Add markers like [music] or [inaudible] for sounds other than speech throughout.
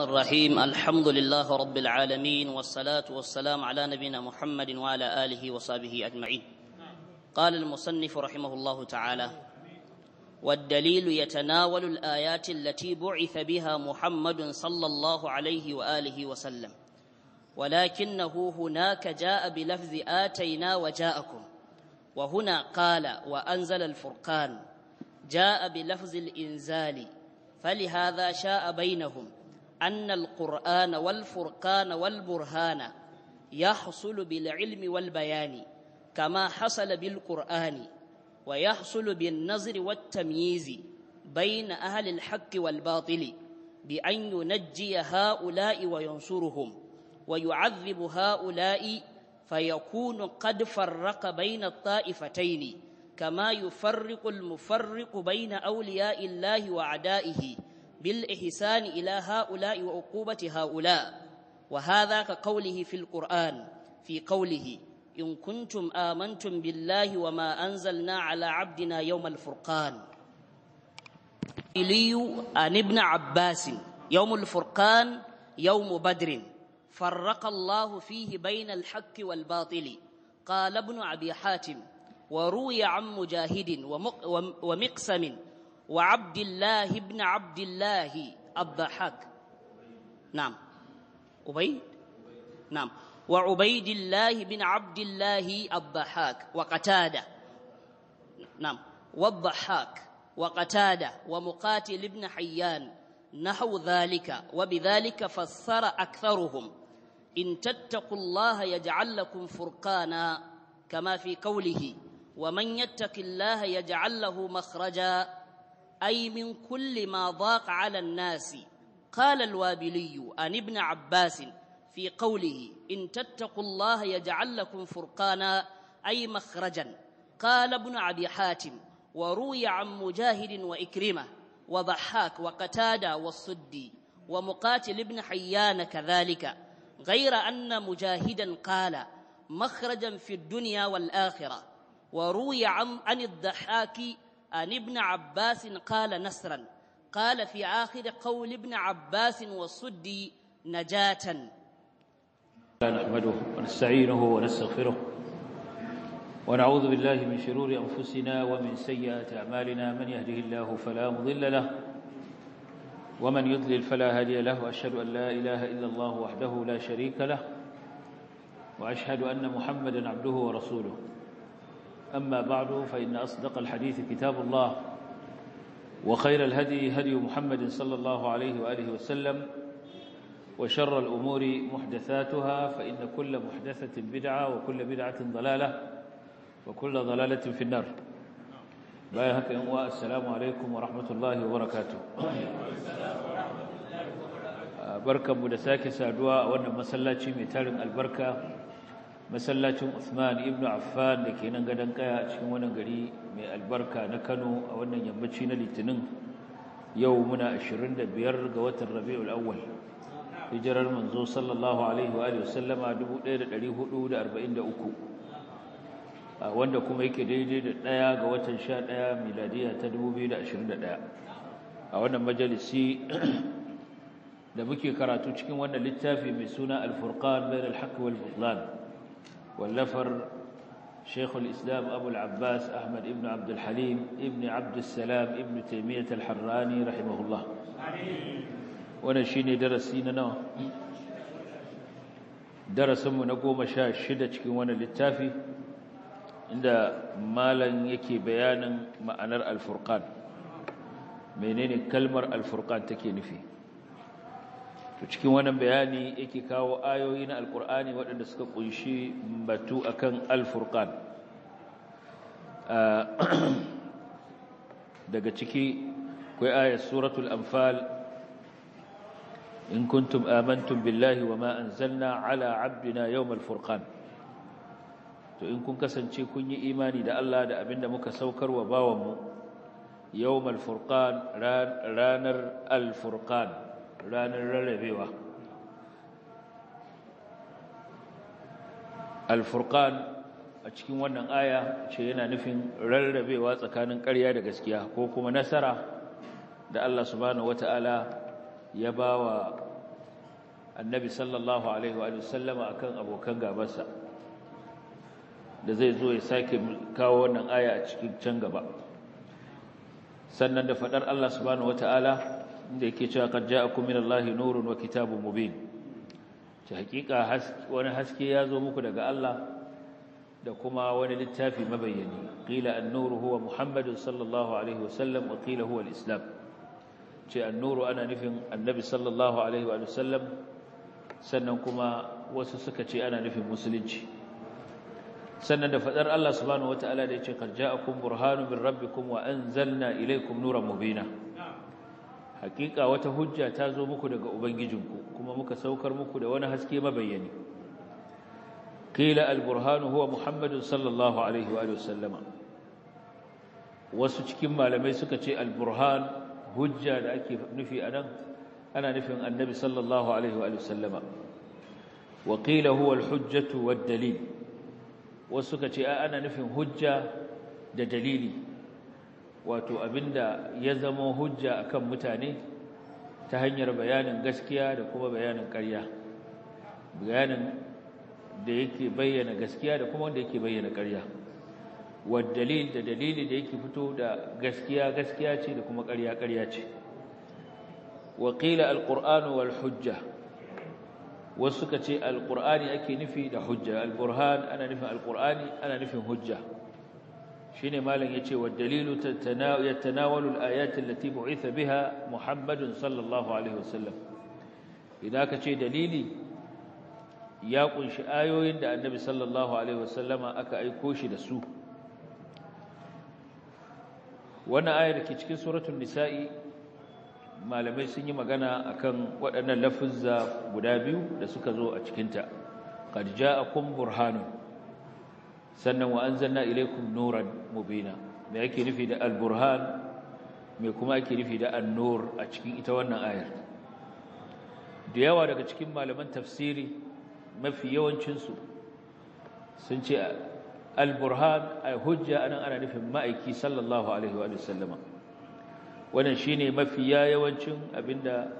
الرحيم الحمد لله رب العالمين والصلاة والسلام على نبينا محمد وعلى آله وصحبه أجمعين قال المصنف رحمه الله تعالى والدليل يتناول الآيات التي بعث بها محمد صلى الله عليه وآله وسلم ولكنه هناك جاء بلفظ آتينا وجاءكم وهنا قال وأنزل الفرقان جاء بلفظ الإنزال فلهذا شاء بينهم أن القرآن والفرقان والبرهان يحصل بالعلم والبيان كما حصل بالقرآن ويحصل بالنظر والتمييز بين أهل الحق والباطل بأن ينجي هؤلاء وينصرهم ويعذب هؤلاء فيكون قد فرق بين الطائفتين كما يفرق المفرق بين أولياء الله وعدائه بالإحسان إلى هؤلاء وعقوبة هؤلاء وهذا كقوله في القرآن في قوله إن كنتم آمنتم بالله وما أنزلنا على عبدنا يوم الفرقان إلي عن ابن عباس يوم الفرقان يوم بدر فرق الله فيه بين الحق والباطل قال ابن أبي حاتم وروي عن مجاهد ومقسم وعبد الله بن عبد الله الضحاك نعم عبيد نعم وعبيد الله بن عبد الله الضحاك وقتادة نعم والضحاك وقتادة ومقاتل بن حيان نحو ذلك وبذلك فسر أكثرهم إن تتقوا الله يجعل لكم فرقانا كما في قوله ومن يتق الله يجعل له مخرجا أي من كل ما ضاق على الناس قال الوابلي عن ابن عباس في قوله إن تتقوا الله يجعل لكم فرقانا أي مخرجا قال ابن أبي حاتم وروي عن مجاهد وإكرمة وضحاك وقتادة والصدي ومقاتل ابن حيان كذلك غير أن مجاهدا قال مخرجا في الدنيا والآخرة وروي عن, عن الضحاك عن ابن عباس قال نسرا قال في آخر قول ابن عباس والصدي نجاة نحمده ونستعينه ونستغفره ونعوذ بالله من شرور أنفسنا ومن سيئات أعمالنا من يهده الله فلا مضل له ومن يضلل فلا هادي له وأشهد أن لا إله إلا الله وحده لا شريك له وأشهد أن محمدا عبده ورسوله أما بعد فإن أصدق الحديث كتاب الله وخير الهدي هدي محمد صلى الله عليه وآله وسلم وشر الأمور محدثاتها فإن كل محدثة بدعة وكل بدعة ضلالة وكل ضلالة في النار بايهك أمواء السلام عليكم ورحمة الله وبركاته آه، بركة مدساك سادوا وأن مسلاتي ميتال البركة masallacin Usman ibn Affan da ke nan gadon kaya a cikin wannan gari mai albarka na Kano a wannan yammaci na Litinin yau muna 25 ga watan Rabiul Awwal hijirar manzo sallallahu alaihi wa alihi 1443 wanda kuma yake daidai da ɗaya ga watan 11 miladiya ta 2021 a wannan majalisi da muke karatu cikin wannan littafi mai suna al-furqan bain al-haqq wal-budlan واللفر شيخ الإسلام أبو العباس أحمد ابن عبد الحليم ابن عبد السلام ابن تيمية الحراني رحمه الله ونشيني درسينا نوه darasinmu na goma sha shida cikin wani littafi inda malan yake bayanin ma'anar alfurkan menene kalmar alfurkan take nufi to cikin wannan bayani yake kawo ayoyi na alkur'ani waɗanda suka kunshi batu akan alfurqan ah, [clears throat] daga ciki akwai suratul anfal in kuntum amantum billahi wama anzalna ala abdina yawmal furqan to in kun kasance kun yi imani da Allah da abinda muka saukar wa bawanmu yawmal furqan ranar alfurqan ranar rarrabewa alfurkan a cikin wannan aya ce yana nufin rarrabewa tsakanin ƙarya da gaskiya ko kuma nasara da Allah subhanahu wata'ala ya ba wa annabi sallallahu alaihi wa sallama akan abokan gabansa da zai zo ya sake kawo wannan aya a cikin can gaba sannan da faɗar Allah subhanahu wata'ala inda yake cewa kad ja'akum min Allahi nurun wa kitabun mubin ta hakika wani haske ya zo muku daga Allah da kuma wani littafi mabayyani qila an-nuru huwa Muhammadu sallallahu alaihi wasallam wa qila huwa al-islam ce an-nuru ana nufin annabi sallallahu alaihi wa sallam, sannan kuma wasu suka ce ana nufin musulunci sannan da fadar Allah subhanahu wataala da yace kad ja'akum burhanun min rabbikum wa anzalna ilaykum nuran mubina hakika wata hujja ta zo muku daga ubangijinku kuma muka saukar muku da wani haske mabayyani qila al-burhan huwa muhammadun sallallahu alaihi wa sallama wasu cikin malamai suka ce al hujja da ake nufi a nan? ana nufin annabi sallallahu alaihi wa sallama wa qila huwa al-hujjatu wad-dalil wasu suka ce ana nufin hujja da dalili wato abinda ya zama hujja akan mutane ta hanyar bayanin gaskiya da kuma bayanin ƙarya bayanin da yake bayyana gaskiya da kuma wanda yake bayyana ƙarya waddalil da dalili da yake fito da gaskiya gaskiya ce da kuma ƙarya ƙarya ce waƙila alƙur'anu wal hujja wasu ka ce alƙur'ani ake nufi da hujja alburhan ana nufin alƙur'ani ana nufin hujja shine malam yace wa dalilu yatanawalu al allati bu'itha biha Muhammadun sallallahu alaihi wasallam idan ka ce dalili ya kunshi ayoyin da Annabi sallallahu alaihi wasallama aka aiko shi da su wannan ayar ke cikin suratul nisa'i malamai sun yi magana akan waɗannan lafuzza guda biyu da suka zo a cikinta qad ja'akum burhanun sannan wa anzalna ilaykum nuran mubina me ake nufi da al-burhan me kuma ake nufi da an-nur a cikin ita wannan ayar da yawa daga cikin malaman tafsiri mafi yawancin sun ce al-burhan ay hujja anan ana nufin ma'aiki sallallahu alaihi wa sallama wannan shine mafi yawancin abinda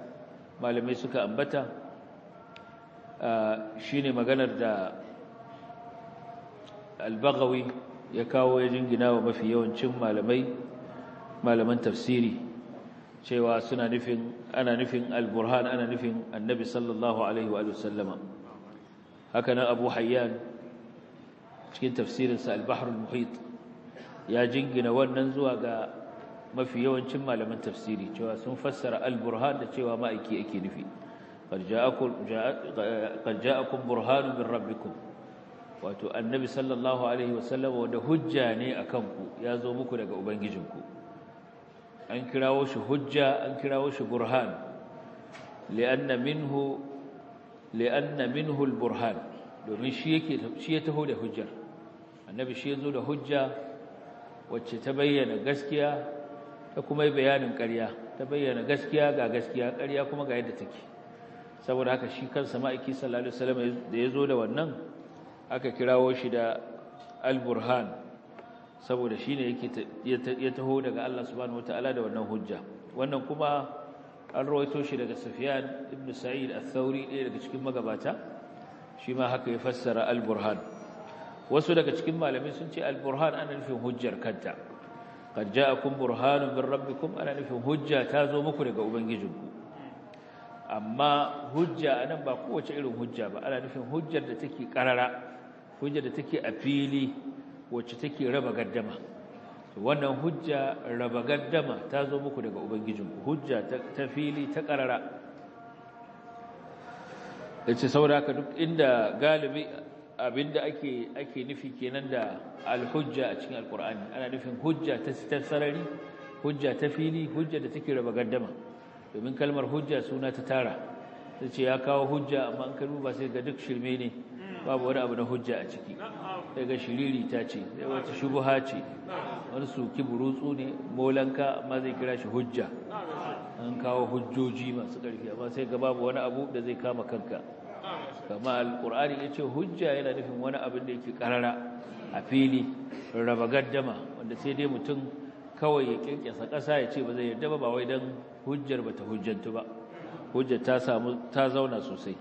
malamai suka ambata ah, shine maganar da albagawi ya kawo ya jingina wa mafi yawancin malamai malaman tafsiri cewa suna nufin ana nufin alburhan ana nufin annabi sallallahu alaihi wa sallama haka nan abu hayyan cikin tafsirinsa al-bahr al-muhit ya jingina wannan zuwa ga mafi yawancin malaman tafsiri cewa sun fassara al-burhan da cewa ma'aiki ake nufi qad ja'akum qad ja'akum burhanun min rabbikum wato annabi sallallahu alaihi wasallam wanda hujja ne akan ku ya zo muku daga ubangijinku an kirawo shi hujja an kirawo shi burhan li'anna minhu li'anna minhu alburhan domin shi yake shi ya taho da hujjar annabi shi ya zo da hujja wacce ta bayyana gaskiya ta kuma yi bayanin ƙarya ta bayyana gaskiya ga gaskiya ƙarya kuma ga yadda take saboda haka shi kansa ma'aiki sallallahu alaihi wasallam da ya zo da wannan aka kirawo shi da al-burhan saboda shine yake ya taho daga Allah subhanahu wataala da wannan hujja wannan kuma an rawaito shi daga Sufyan ibn Sa'id al-Thawri ɗaya daga cikin magabata shi ma haka ya fassara al-burhan wasu daga cikin malamai sun ce al-burhan ana nufin hujjar kanta qad ja'akum burhanun min rabbikum ana nufin hujja ta zo muku daga ubangijinku amma hujja anan ba kowace irin hujja ba ana nufin hujjar da take karara hujja da take a fili wacce take raba gaddama wannan hujja raba gaddama ta zo muku daga ubangijin hujja ta fili ta karara yace saboda duk inda galibi abinda ake ake nufi kenan da alhujja a cikin alqur'ani ana nufin hujja ta sarari hujja ta fili hujja da take raba gaddama domin kalmar hujja suna ta tara sai ya kawo hujja amma an kalmi ba sai ga duk shirme ne babu wani abu na hujja a ciki sai ga shiriri ta ce sai wata shubuha ce wani su ki burutsu ne molanka amma zai kira shi hujja an kawo hujjoji masu ƙarfi amma sai ga babu wani abu da zai kama kanka kama alƙur'ani ya ce hujja yana nufin wani abin da yake ƙarara a fili raba gaddama wanda sai dai mutum kawai ya ƙirƙisa ƙasa ya ce ba zai yarda ba ba wai don hujjar ba ta hujjantu ba hujjar ta samu ta zauna sosai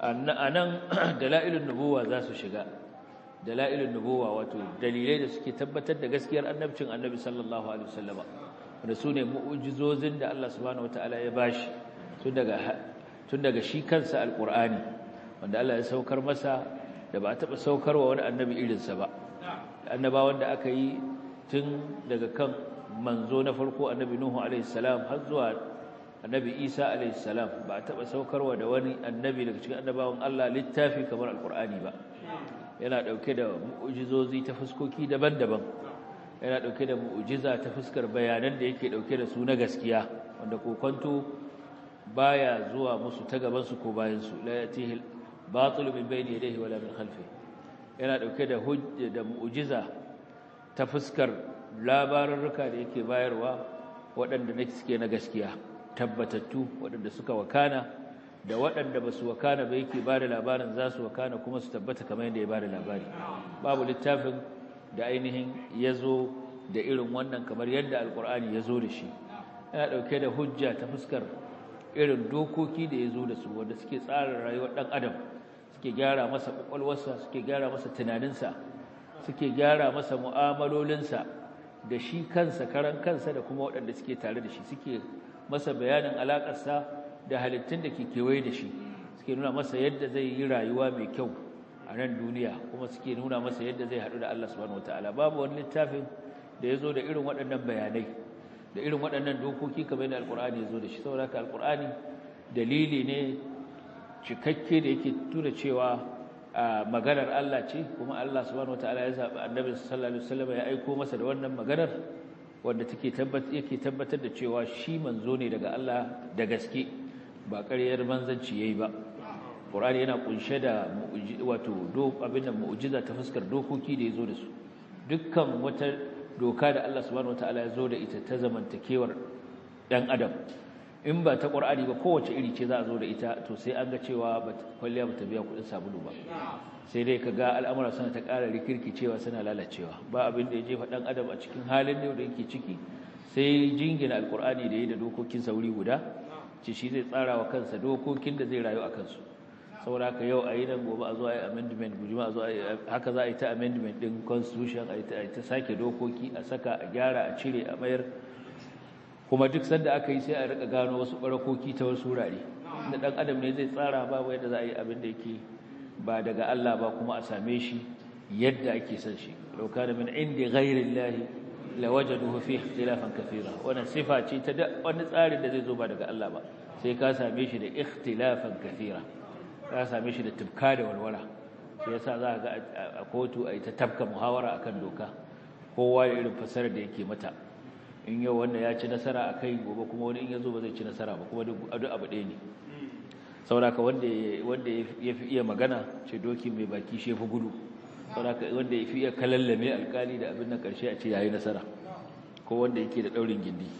a nan [clears throat] dala'ilun nubuwa za su shiga dala'ilun nubuwa wato dalilai da suke tabbatar da gaskiyar annabcin annabi sallallahu alaihi wasallama wanda su ne mu'ujizozin da Allah subhanahu wataala ya bashi tun daga tun daga shi kansa alqur'ani wanda Allah ya saukar masa da ba a taba saukarwa wani annabi irinsa ba annabawan da aka yi tun daga kan manzo na farko annabi nuhu alaihi salam har zuwa annabi isa alaihissalam ba a taɓa saukarwa da wani annabi daga cikin annabawan allah littafi kamar alkur'ani ba yana ɗauke da mu'ujizozi ta fuskoki daban-daban yana ɗauke da mu'ujiza ta fuskar bayanan da yake ɗauke da su na gaskiya wanda kokonto baya zuwa musu ta gabansu ko bayansu la yatihi batil min bayni yadayhi wala min khalfihi yana ɗauke da hujja da mu'jiza ta fuskar labarurruka da yake bayarwa waɗanda na suke na gaskiya tabbatattu waɗanda suka wakana da waɗanda ba su wakana ba yake ba da labarin za su wakana kuma su tabbata kamar yadda ya ba da labari babu littafin da ainihin ya zo da irin wannan kamar yadda alkur'ani ya zo da shi yana ɗauke da hujja ta fuskar irin dokoki da ya zo da su wanda suke tsara rayuwar ɗan adam suke gyara masa ƙwaƙwalwarsa suke gyara masa tunaninsa suke gyara masa mu'amalolinsa da shi kansa karan kansa da kuma waɗanda suke tare da shi suke masa bayanin alaƙarsa da halittun da ke kewaye da shi suke nuna masa yadda zai yi rayuwa mai kyau a nan duniya kuma suke nuna masa yadda zai haɗu da Allah subhanahu wataala babu wani littafin da ya zo da irin waɗannan bayanai da irin waɗannan dokoki kamar yadda alƙur'ani ya zo da shi saboda haka alƙur'ani dalili ne cikakke da yake tura cewa maganar Allah ce kuma Allah subhanahu wataala ya zaɓi annabi sallallahu alaihi wasallam ya aiko masa da wannan maganar wanda take yake tabbatar da cewa shi manzo ne daga Allah da gaske ba ƙaryar manzanci yayi ba Qur'ani yana kunshe da wato do abin da mu'jiza ta fuskar dokoki da yazo da su dukkan wata doka da Allah subhanahu wataala ya zo da ita ta zamantakewar dan adam in ba ta Qur'ani ba kowace iri ce za a zo da ita to sai an ga cewa kwalliya ba ta biya kuɗin sabulu ba sai dai ka ga al'amura suna ta ƙara rikirki cewa suna lalacewa ba abin da ya jefa ɗan adam a cikin halin da yake ciki sai jingina alƙur'ani da ya da dokokin sauri guda ci shi zai tsara wa kansa dokokin da zai rayu a kansu saboda ka yau a yi nan gobe a zo a yi amendment gujima a zo haka za a yi ta amendment ɗin constitution a yi ta sake dokoki a saka a gyara a cire a mayar kuma duk sanda aka yi sai a rika gano wasu barakoki ta wasu wurare da ɗan adam ne zai tsara babu yadda za a yi abin da yake ba daga Allah ba kuma a same shi yadda ake son shi law kana min indi ghairi llahi lawajaduhu fi ikhtilafan kathira wannan sifa ce ta wani tsarin da zai zo ba daga Allah ba sai ka same shi da ikhtilafan kafira. ka same shi da tufka da walwala ya yasa za a ga a kotu a yi ta tafka muhawara akan doka kowa da irin fasarar da yake mata in yau wanda ya ci nasara a kai gobe kuma wani in ya zo ba zai ci nasara ba kuma duk abu ɗaya ne sauraka wanda ya fi iya magana ce doki mai baki shi fi gudu sauraka wanda ya fi iya kalallame alkali da abin na karshe a ce yayi nasara ko wanda yake da daurin gindi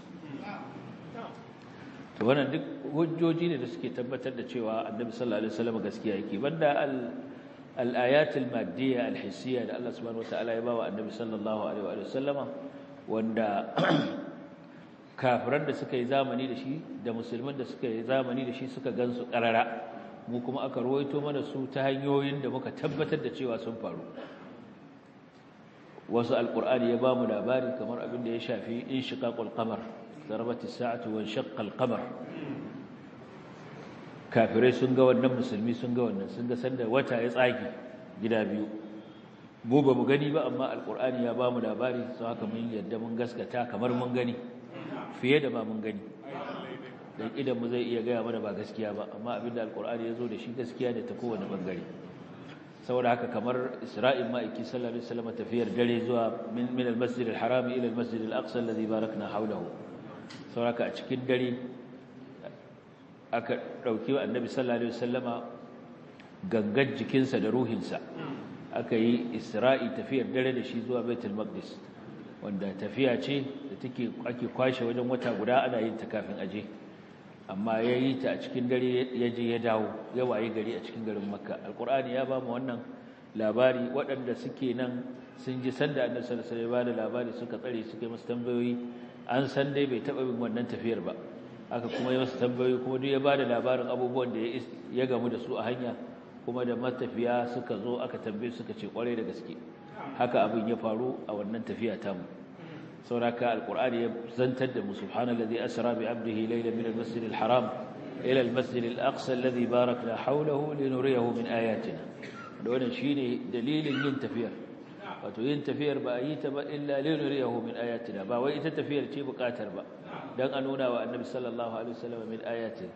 to wannan duk hujjoji ne da suke tabbatar da cewa annabi sallallahu alaihi wasallam gaskiya yake banda al al-ayat al-maddiyya al-hissiyya da Allah subhanahu wataala ya bawa annabi sallallahu alaihi wasallama wanda kafiran da suka yi zamani da shi da musulman da suka yi zamani da shi suka gansu karara mu kuma aka ruwaito mana su ta hanyoyin da muka tabbatar da cewa sun faru wasu alkur'ani ya bamu labari kamar abin da ya shafi inshiqaqul qamar darbatis sa'atu wan shaqqal qamar kafirai sun ga wannan musulmi sun ga wannan sun ga sanda wata ya tsage gida biyu mu ba mu gani ba amma alkur'ani ya bamu labari su haka mun yadda mun gaskata kamar mun gani fiye da ba mun gani dan idan mu zai iya gaya mana ba gaskiya ba amma abinda alkurani ya zo da shi gaskiya ne ta kowane bangare saboda haka kamar isra'il ma'aiki sallallahu alaihi wasallam tafiyar dare zuwa min min al-masjid al-haram ila al-masjid al-aqsa alladhi barakna hawlahu saboda haka a cikin dare aka dauki annabi sallallahu alaihi wasallama gangan jikinsa da ruhinsa aka yi isra'i tafiyar dare da shi zuwa baitul maqdis wanda tafiya ce da take ake kwashe wajen wata guda ana yin ta kafin aje amma ya yi ta a cikin dare ya je ya dawo ya waye gari a cikin garin makka alkur'ani ya ba mu wannan labari waɗanda suke nan sun ji sanda annabi sallallahu alaihi wasallam labari suka tsare suke masu tambayoyi an san dai bai taɓa bin wannan tafiyar ba aka kuma yi masu tambayoyi kuma duk ya ba da labarin abubuwan da ya gamu da su a hanya kuma da matafiya suka zo aka tambaye suka ce kwarai da gaske haka abin ya faru a wannan tafiya tamu sauraka alqur'ani ya zantar da mu subhanallazi asra bi abdihi laylan min al haram ila al aksa al-aqsa alladhi barakna hawlahu linuriyahu min ayatina wannan shine dalilin yin tafiyar wato yin tafiyar ba yi ta ba illa linuriyahu min ayatina ba wai ita tafiyar ce bukatar ba dan a nuna wa annabi sallallahu alaihi wasallam min ayatina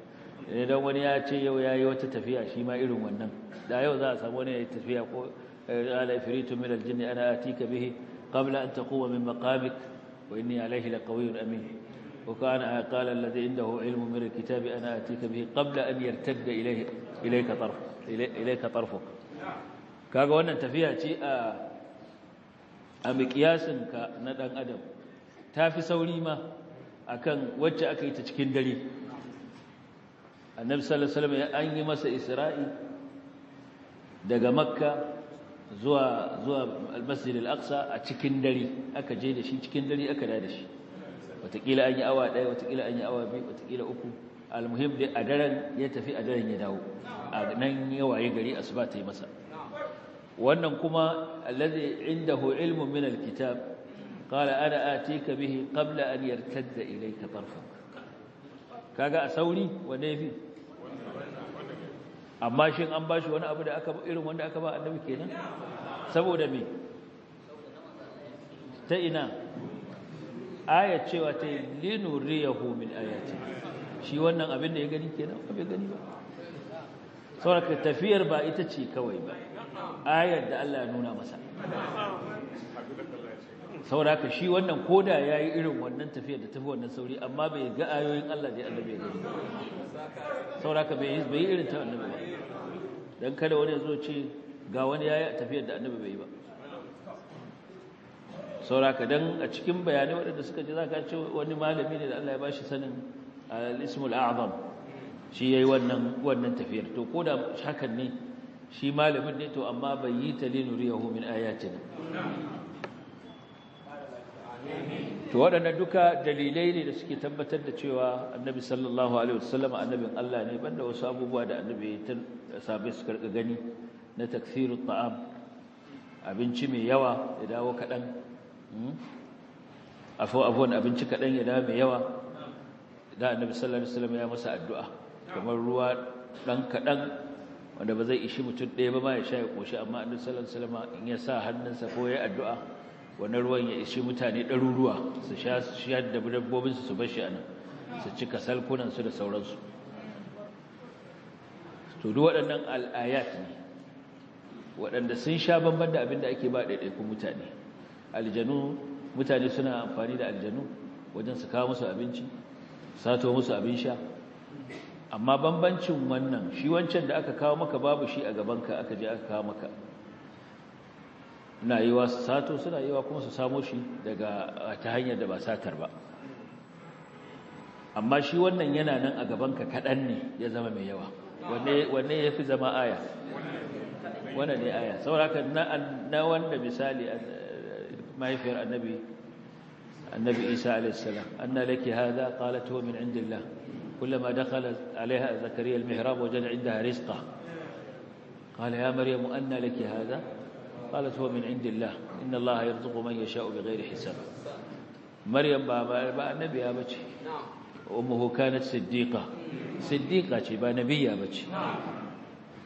ne wani ya ce yau yayi wata tafiya shi ma irin wannan da yau za a samu wani yayi tafiya ko eh, ala ifritu min al ana atika bihi qabla an taquma min maqamika وإني عليه لقوي أمين وكان قال الذي عنده علم من الكتاب أنا أتيك به قبل أن يرتد إليه إليك طرف إليك طرفك kaga wannan tafiya ce a a mikiyasinka na ɗan adam tafi sauri ma akan wacce aka yi ta cikin dare annabi sallallahu alaihi wasallam an yi masa isra'i daga makka zuwa zuwa almasjid al-aqsa a cikin dare aka je da shi cikin dare aka da shi watakila an yi awa ɗaya watakila an yi awa biyu watakila uku almuhim dai a daren ya tafi a daren ya dawo a nan ya waye gari asuba ta yi masa wannan kuma allazi indahu ilmun min alkitab qala ana atika bihi qabla an yartadda ilayka tarfak kaga a sauri wanda yafi amma shin an ba shi wani abu da aka irin wanda aka ba annabi kenan saboda me ta ina aya cewa ta linuriyahu min ayati shi wannan abin da ya gani kenan abin gani ba saboda tafiyar ba ita ce kawai ba ayar da Allah ya nuna masa saboda shi wannan koda ya yi irin wannan tafiya da tafi wannan sauri amma bai ga ayoyin Allah da Allah bai gani saboda bai yi irin ta annabi ba dan kada wani ya zo ce ga wani ya yi tafiyar da annabi bai yi ba saboda don dan a cikin bayanai waɗanda suka ji zaka ce wani malami ne da Allah ya bashi sanin al-ismul eh, a'zam shi yayi wannan wannan tafiyar to koda hakan ne shi malamin ne to amma bai yi ta linuriyahu min ayatina to waɗannan duka dalilai ne da suke tabbatar da cewa annabi sallallahu alaihi wasallam annabin Allah ne banda wasu abubuwa da annabi ta sabai su karka gani na taksiru ta'am abinci mai yawa ya dawo kaɗan hmm? afo afon abinci kaɗan ya dawo mai yawa da annabi sallallahu alaihi wasallam ya masa addu'a kamar ruwa ɗan kaɗan wanda ba zai ishi mutum ɗaya ba ma ya sha ya ƙoshi amma annabi sallallahu alaihi wasallam in ya sa hannunsa ko ya addu'a wani ruwan ya ishi mutane ɗaruruwa su sha su sha da dabbobinsu su bashi anan su cika salkunansu da sauransu to duk waɗannan al'ayat ne waɗanda sun sha banban da abin da ake ba ɗaiɗaikun mutane aljanu mutane suna amfani da aljanu wajen su kawo musu abinci sato musu abin sha amma bambancin wannan shi wancan da aka kawo maka babu shi a gabanka aka je aka kawo maka na yi wasu sato suna yi wa kuma su samu shi daga ta hanyar da ba satar ba amma shi wannan yana nan a gabanka kaɗan ne ya zama mai yawa wanne ya fi zama aya wanne ne aya sauraka na wanda misali mahaifiyar annabi annabi isa alaihissalam anna laki hadha qalat huwa min indillah kullama dakhala alaiha zakariya almihrab wajada indaha rizqa qala ya maryam anna laki hadha qalat huwa in indillah inna allaha ya sha yasha'u bighairi hisab maryam ba na annabiya bace ummuhu kanat siddiqa siddiqa ce ba nabiya bace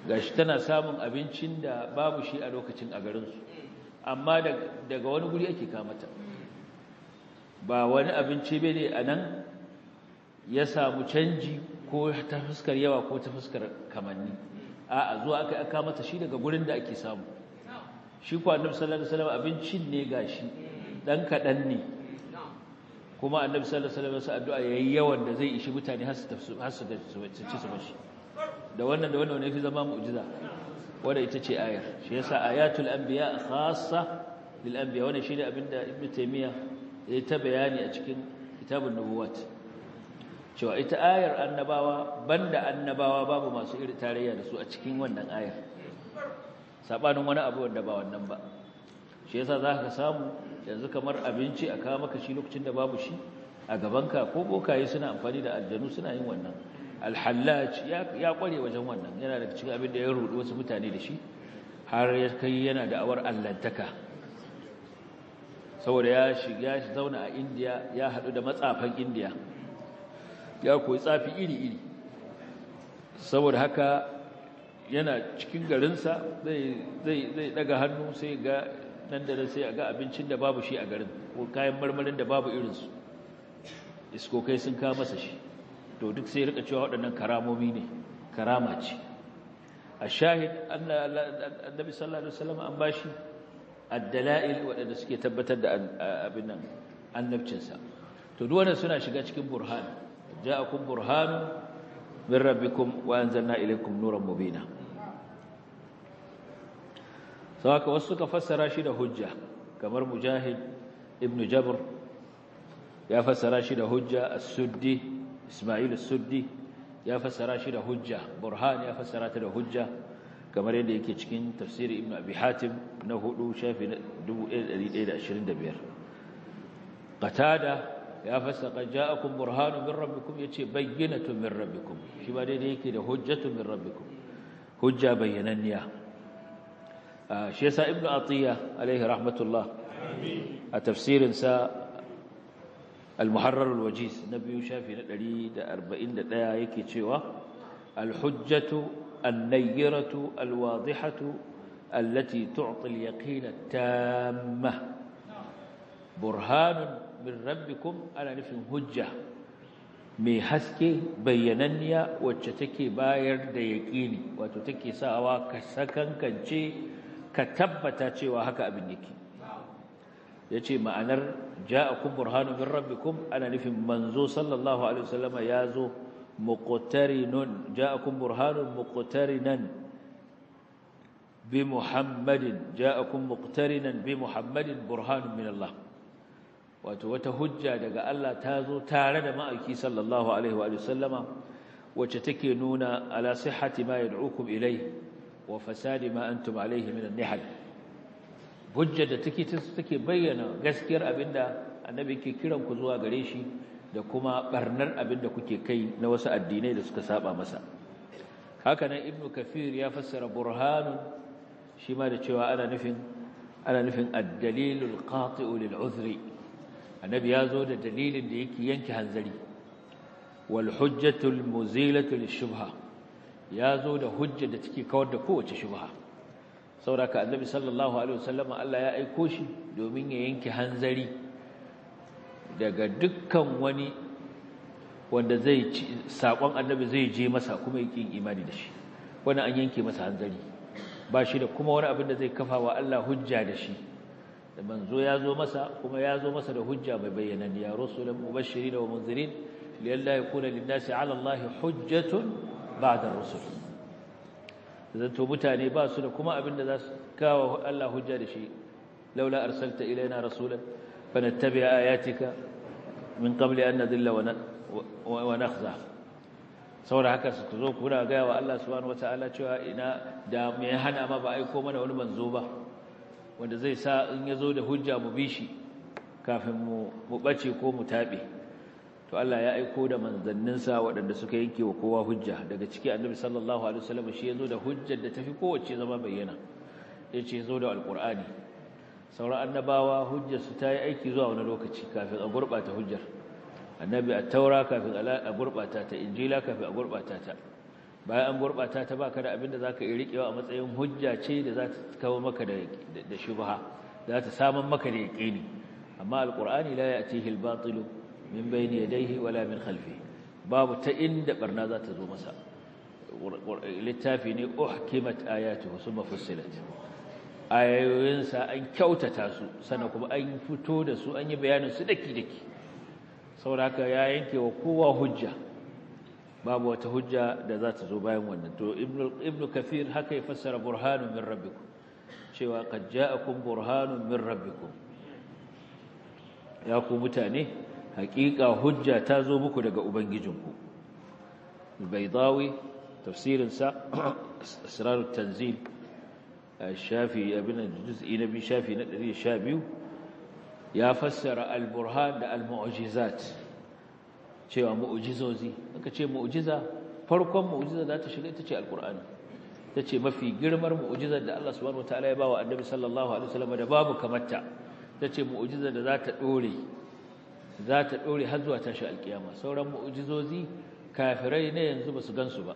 gashi tana samun abincin da babu shi a lokacin a garin su amma daga wani guri ake kamata ba wani abinci bane anan ya samu canji ko ta fuskar yawa ko ta fuskar kamanni a'a zuwa aka aka mata shi daga gurin da ake samu shi kuwa annabi sallallahu alaihi wasallam abincin ne gashi dan kadan ne kuma annabi sallallahu alaihi wasallam addu'a yayi yawan da zai ishi mutane har su tafsu har su ci su bashi da wannan da wannan ne fi zama mu'jiza wanda ita ce ayar shi yasa ayatul anbiya khassa lil anbiya wannan shine abinda ibnu taymiya ya ta bayani a cikin kitabun nubuwat cewa ita ayar annabawa banda annabawa babu masu iri tarayya da su a cikin wannan ayar Saɓanin wani abu wanda ba wannan ba shi yasa za ka samu yanzu kamar abinci a kawo maka shi lokacin da babu shi a gabanka ko bokaye suna amfani da aljanu suna yin wannan alhallaj ya kware wajen wannan yana da cikin abin da ya rudu wasu mutane da shi har ya kai yana da awar allantaka saboda ya shiga shi zauna a indiya ya haɗu da matsafan indiya ya koyi tsafi iri-iri saboda haka yana cikin garinsa zai daga hannu sai ga nan da sai a ga abincin da babu shi a garin ko kayan marmarin da babu irinsu iskokai sun kawo masa shi to duk sai rika cewa waɗannan karamomi ne karama ce a shahid annabi sallallahu alaihi wasallam an bashi addala'il waɗanda suke tabbatar da abin nan sa to duk wannan suna shiga cikin burhan ja'akum burhanu min rabbikum wa anzalna ilaykum nuran mubina saka wasu suka fassara shi da hujja kamar mujahid ibn jabr ya fassara shi da hujja as-suddi isma'il as-suddi ya fassara shi da hujja burhan ya fassara ta da hujja kamar yadda yake cikin tafsiri ibn abi hatim na hudu shafi 1125 qatada ya fassara ja'akum burhanun min rabbikum yace bayyinatun min rabbikum shi ba daidai yake da hujjatun min rabbikum hujja bayyananniya آه، شيخ ابن عطيه عليه رحمة الله امين التفسير آه، انس المحرر الوجيز نبي شافي 141 yake cewa الحجه النيره الواضحه التي تعطي اليقين التام برهان من ربكم على نفس الحجه مي haske bayananniya wacce باير bayar da yaqini wato take sawa ka tabbata cewa haka abin yake ya ce ma'anar ja'akum burhanu min rabbikum ana nufin manzo sallallahu alaihi wasallama ya zo muqtarinun ja'akum burhanun muqtarinan bi muhammadin ja'akum muqtarinan bi muhammadin Burhanu min Allah wato wata hujja daga Allah ta zo tare da ma'aiki sallallahu alaihi wa sallama wacce take nuna ala sihhati ma yad'ukum ilayhi wa fasadi ma antum alaihi min an-nihal hujjar da take take bayyana gaskiyar abinda annabi ke kiran ku zuwa gare shi da kuma barnar abinda kuke kai na wasu addinai da suka saba masa haka nan ibnu kafir ya fassara burhanun shi ma da cewa ana nufin ana nufin ad-dalilul qati'u lil uzri annabi ya zo da dalilin da yake yanke hanzari wal hujjatul muzilatu lish shubha ya zo da hujja da take kawar da kowace shubha sauraka annabi sallallahu alaihi wasallam Allah ya aiko shi domin ya yanke hanzari daga dukkan wani wanda zai sakon annabi zai je masa kuma ya imani da shi wani an yanke masa hanzari ba shi da kuma wani abin da zai kafa wa Allah hujja da shi da manzo ya zo masa kuma ya zo masa da hujja mai bayyana ya rusulan mubashirin wa munzirin liyalla yakuna lin-nasi 'ala allahi hujjatun ba da rusul zato mutane ba su da kuma abin da za su kawo Allah hujja da shi laula arsalta ilaina rasulan fanattabi'a ayatika min qabli an nadilla wa nakhza saboda haka su zo kuna ga wa Allah subhanahu wataala cewa ina da me hana ma ba aiko mana wani manzo ba wanda zai sa in ya zo da hujja mu bi shi kafin mu bace ko mu tabe to Allah ya aiko da manzanninsa waɗanda suka yanke wa kowa hujja daga ciki annabi sallallahu alaihi wasallam shi yazo da hujjar da tafi kowace zama bayyana yace yazo da alqur'ani sauran annabawa hujjar su ta yi aiki zuwa wani lokaci kafin a gurbata hujjar annabi at-taura kafin a gurbata ta injila kafin a gurbata ta bayan an gurbata ta baka da abin da zaka yi rikewa a matsayin hujja ce da za ta kawo maka da da shubha za ta saman maka da yaqini amma alqur'ani la ya'tihi al-batilu min bayni yadayhi wala min khalfi. babu ta inda barna za ta zo masa littafi ne uhkimat ayatuhu summa fussilat ayoyinsa an kyautata su sannan kuma an fito da su an yi bayanin su daki daki saboda haka ya yanke wa kowa hujja babu wata hujja da za ta zo bayan wannan to Ibn kafir haka ya fassara burhanun min rabbikum cewa qad ja'akum burhanun min rabbikum ya ku mutane haƙiƙa hujja ta zo muku daga ubangijinku baidawi tafsirinsa [coughs] asrarut tanzil shafi abin juz'i na bi shafi na 112 ya fassara al-burhan da al-mu'jizat cewa mu'jizozi aka ce mu'jiza farkon mu'jiza za ta shiga ita ce al-qur'ani ta ce mafi girmar mu'jizar da Allah subhanahu wataala ya bawa annabi sallallahu alaihi wasallam da babu kamarta ta ce mu'jizar da za ta ɗore. za ta ɗore har zuwa tashi alkiyama sauran mu'ujizozi kafirai ne yanzu ba su gansu ba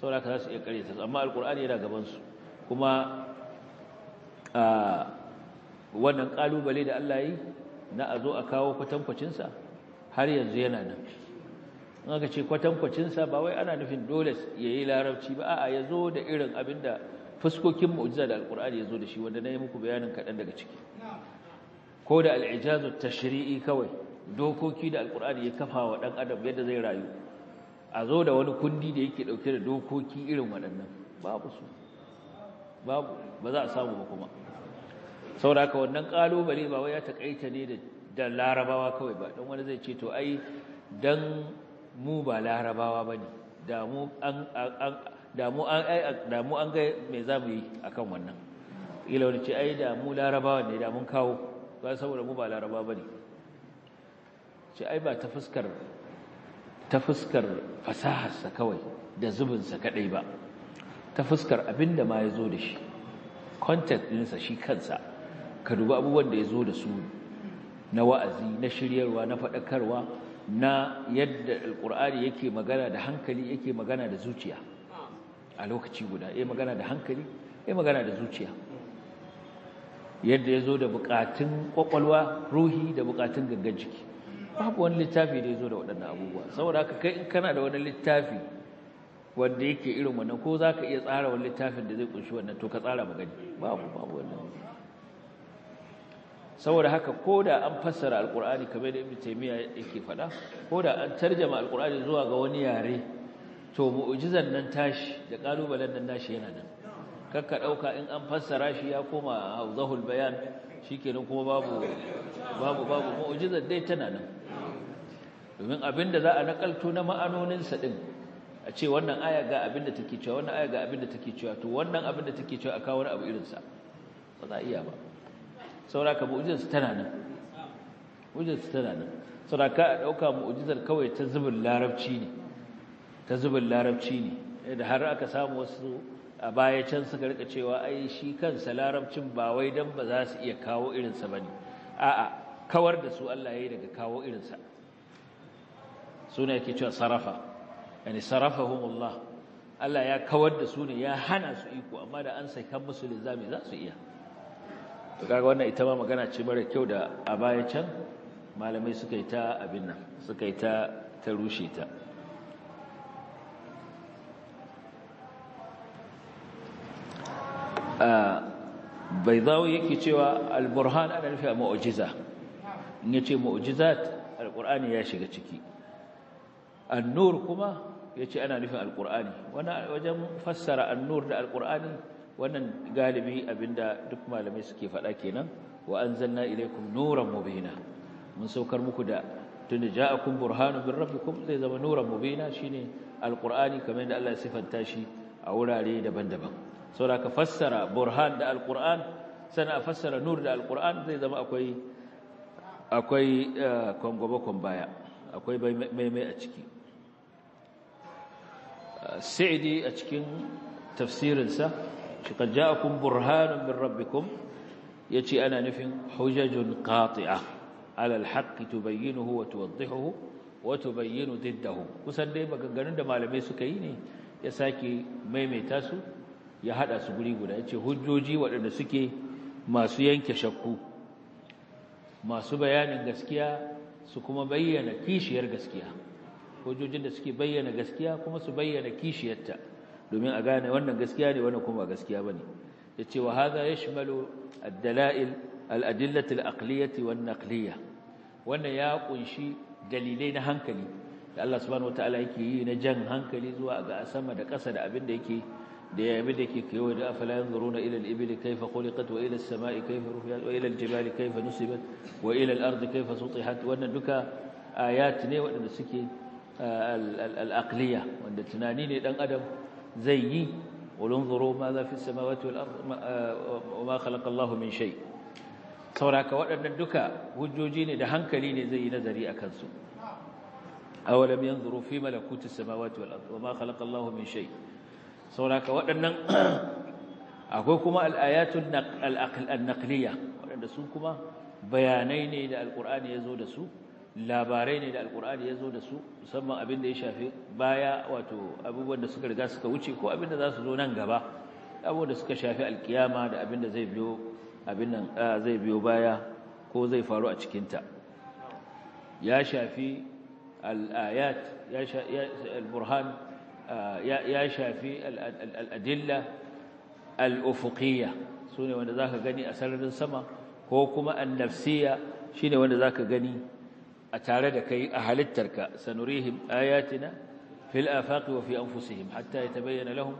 Saura ka za su iya karyata su amma alƙur'ani yana gabansu kuma wannan ƙalubale da Allah yi na a zo a kawo kwatankwacinsa har yanzu yana nan in aka ce kwatankwacinsa ba wai ana nufin dole ya yi larabci ba a'a ya zo da irin abin da fuskokin mu'ujiza da Alƙur'ani ya zo da shi wanda na yi muku bayanin kaɗan daga ciki ko da al'ijazu tashri'i kawai dokoki da alkur'ani ya kafa wa ɗan adam yadda zai rayu a zo da wani kundi da yake ɗauke da dokoki irin waɗannan babu su babu ba za a samu ba kuma sauraka wannan ƙalubale ba wai ya taƙaita ne da larabawa kawai ba don wani zai ce to ai don mu ba larabawa ba ne damu an ga mai za mu yi a kan wannan ilawar ce ai damu larabawa ne damun kawo ba saboda mu ba larabawa ba ne ce ai ba ta fuskar ta fuskar fasaharsa kawai da zubinsa kadai ba ta fuskar abinda ma ya zo da shi content ɗinsa shi kansa ka dubi abubuwan da ya zo da su na wa'azi na shiryarwa na faɗakarwa na yadda alƙur'ani yake magana da hankali yake magana da zuciya a lokaci guda ya magana da hankali ya magana da zuciya yadda ya zo da buƙatun ƙwaƙwalwa ruhi da buƙatun gangan jiki babu wani littafi da ya zo da waɗannan abubuwa saboda haka kai in kana da wani littafi wanda yake irin wannan ko za ka iya tsara wani littafin da zai kunshi wannan to ka tsara magani babu babu wannan saboda haka ko da an fassara alkur'ani kamar da ibn taymiya yake faɗa ko da an tarjama alkur'ani zuwa ga wani yare to mu'ujizan nan tashi da kalubalen nan nashi yana nan kakka ɗauka in an fassara shi ya koma Zahul bayan shikenan kuma babu babu babu dai tana nan domin abin da za a nakalto na ma'anoninsa ɗin a ce wannan aya ga abin da take cewa wannan aya ga abin da take cewa to wannan abin da take cewa a kawo wani abu irinsa ba za a iya ba sauraka mu'ujizarsa tana nan mu'ujizarsa tana nan ka a ɗauka mu'ujizar kawai ta zubin larabci ne ta zubin larabci ne da har aka samu wasu a baya can suka rika cewa ai shi kansa larabcin ba wai dan ba za su iya kawo irinsa ba ne a'a kawar da su Allah ya yi daga kawo irinsa suna yake cewa sarafa yani sarafahumullah Allah ya kawar da su ne ya hana su iko amma da an saka musu linzami za su iya to kaga wannan ita ma magana ce mara kyau da a baya can malamai suka yi ta abin nan suka yi ta ta rushe ta baizawi yake cewa al-burhan ana nufi mu'jiza in yace mu'jizat al-qur'ani ya shiga ciki annur kuma yace ana nufin alqur'ani wajen fassara annur da alqur'ani wannan galibi abinda duk malamai suke faɗa kenan wa anzalna ilaykum nuran mubina mun saukar muku da tunda ja'akum burhanu min rabbikum zai zama nuran mubina shine alqur'ani kamar yadda Allah ya sifanta shi a wurare daban-daban saboda ka fassara burhan da alqur'an sana a fassara nur da alqur'an zai zama akwai akwai eh, baya akwai maimai a ciki sa'idi a cikin tafsirinsa shi qad ja'akum burhanun min rabbikum yace ana nufin hujajun qati'a ala alhaqqi tubayyinuhu wa tuwaddihuhu wa tubayyinu diddahu kusan dai maganganun da malamai suka yi ne ya sake maimaita su ya haɗa su guri guda yace hujjoji waɗanda suke masu yanke shakku masu bayanin gaskiya su kuma bayyana kishiyar gaskiya hujjojin da suke bayyana gaskiya kuma su bayyana kishiyarta domin a gane wannan gaskiya ne wannan kuma gaskiya bane yace wa hadha yashmalu ad-dala'il al-adillati al-aqliyati wan-naqliyah wannan ya kunshi dalilai na hankali da Allah subhanahu wataala yake yi na jan hankali zuwa ga sama da ƙasa da abin da yake da ya abin da yake kewa da afala yanzuruna ila al-ibli kayfa khuliqat wa ila as-sama'i kayfa rufiyat wa ila al-jibali kayfa nusibat wa ila al-ardi kayfa sutihat wannan duka ayat ne waɗanda suke al'aqliya wanda tunani ne ɗan adam zai yi ulun zuru ma za fi samawati wal ardh ma min shay sauraka waɗannan duka hujjoji ne da hankali ne zai yi nazari A su awalam yanzuru fi malakuti samawati wal ardh ma khalaqa Allahu min shay sauraka waɗannan akwai kuma al-ayatul naqliya waɗanda sun kuma bayanai ne da alqur'ani ya zo da su labarai ne da alkur'ani ya zo da su musamman abin da ya shafi baya wato abubuwan da suka riga suka wuce ko abin da za su zo nan gaba abubuwan da suka shafi alkiyama da abin da zai biyo abin nan zai biyo baya ko zai faru a cikinta ya shafi al'ayat ya shafi al-burhan ya shafi al'adilla al'ufuqiyya su ne wanda za ka gani a sararin sama ko kuma annafsiya shi ne wanda za ka gani a tare da kai a halittarka sanurihim ayatina fil afaqi wa fi anfusihim hatta yatabayyana lahum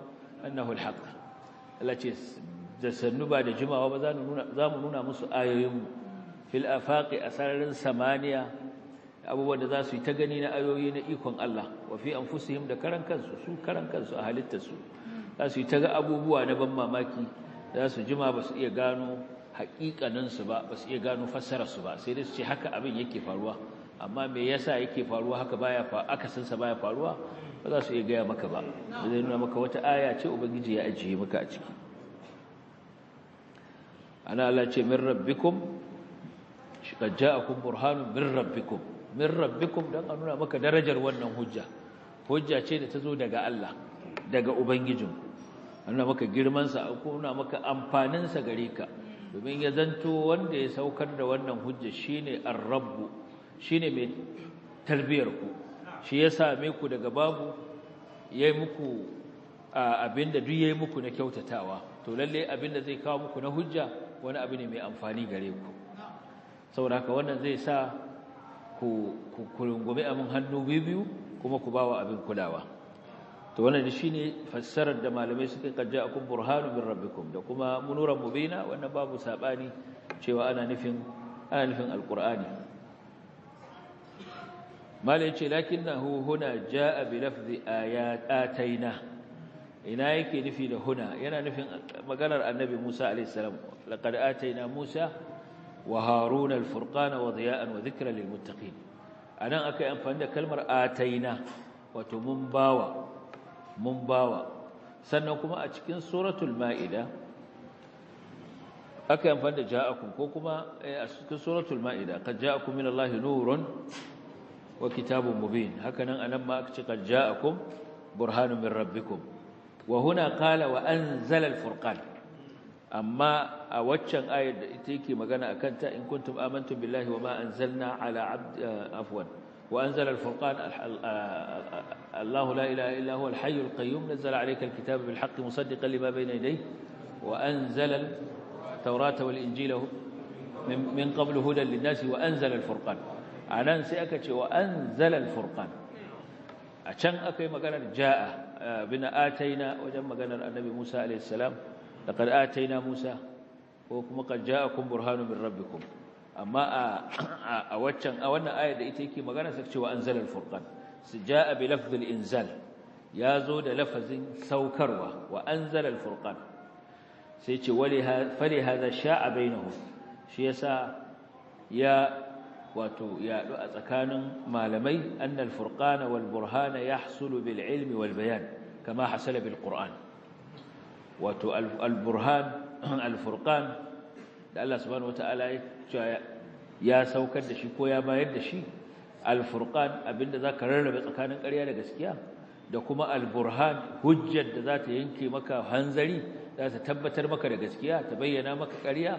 annahu alhaq Allah ce da sannu ba da jimawa ba za mu nuna za mu nuna musu ayoyinmu fil afaqi a sararin samaniya abubuwan da za su yi ta gani na ayoyi na ikon Allah wa fi anfusihim da karan kansu su karan kansu a halittarsu za su yi ta ga abubuwa na ban mamaki za su jima ba su iya gano haƙiƙaninsu ba ba su iya gano fassararsu ba sai dai su ce haka abin yake faruwa amma me yasa yake faruwa haka baya fa akasinsa baya faruwa ba za su iya gaya maka ba zai nuna maka wata aya ce ubangiji ya ajiye maka a ciki ana Allah ce min rabbikum qad ja'akum burhanun min rabbikum min rabbikum dan an nuna maka darajar wannan hujja hujja ce da ta zo daga Allah daga ubangijin A nuna maka girman sa ko nuna maka amfanin sa gare ka domin ya zanto wanda ya saukar da wannan hujja shine ar shine mai tarbiyar ku shi ya same ku daga babu yayi muku abinda duk yayi muku na kyautatawa to lalle abinda zai kawo muku na hujja wani abu ne mai amfani gare ku saboda haka wannan zai sa ku ku a abin hannu biyu kuma ku bawa abin kulawa to wannan da shine fassarar da malamai suka kajja akum burhanu min rabbikum da kuma munuran mubina wannan babu sabani cewa ana nufin ana nufin malai ce lakin na lakinnahu huna jaa bi lafzi ayataina ina yake nufi da huna yana nufin maganar annabi Musa alaihi salam laqad ataina Musa wa Harun al-furqana wa diya'an wa dhikran A nan aka yi amfani da kalmar ataina wato mun bawa sannan kuma a cikin suratul ma'ida yi amfani da ja'akum ko kuma eh, a cikin suratul ma'ida qad ja'akum min Allahi nurun وكتاب مبين هكذا أنما أكتقل جاءكم برهان من ربكم وهنا قال وأنزل الفرقان أما أوجهن آية تيكي مغانا أكنت إن كنتم آمنتم بالله وما أنزلنا على عبد أفوا آه، وأنزل الفرقان آه، آه، الله لا إله إلا هو الحي القيوم نزل عليك الكتاب بالحق مصدقا لما بين يديه وأنزل التوراة والإنجيل من قبل هدى للناس وأنزل الفرقان a nan sai aka ce wa an zalal furqan a can aka yi maganar ja'a bin ataina wajen maganar annabi musa alaihissalam da kad ataina musa ko kuma kad kun burhanu min rabbikum amma a waccan a wannan ayar da ita yake magana sai cewa an zalal furqan su ja'a bi lafzil inzal ya zo da lafazin saukarwa wa an zalal furqan sai ce wali haza sha a bainahum shi yasa ya wato yaɗu a tsakanin malamai annal furƙana wal burhana yahsulu bil ilmi wal bayan kama hasala bil qur'an wato al burhan [clears throat] al furqan da Allah subhanahu wataala ya saukar da shi ko ya bayar da shi al furqan abinda zaka rarrabe tsakanin ƙarya da gaskiya da kuma alburhan hujjar da za ta yanke maka hanzari za ta tabbatar maka da gaskiya ta bayyana maka ƙarya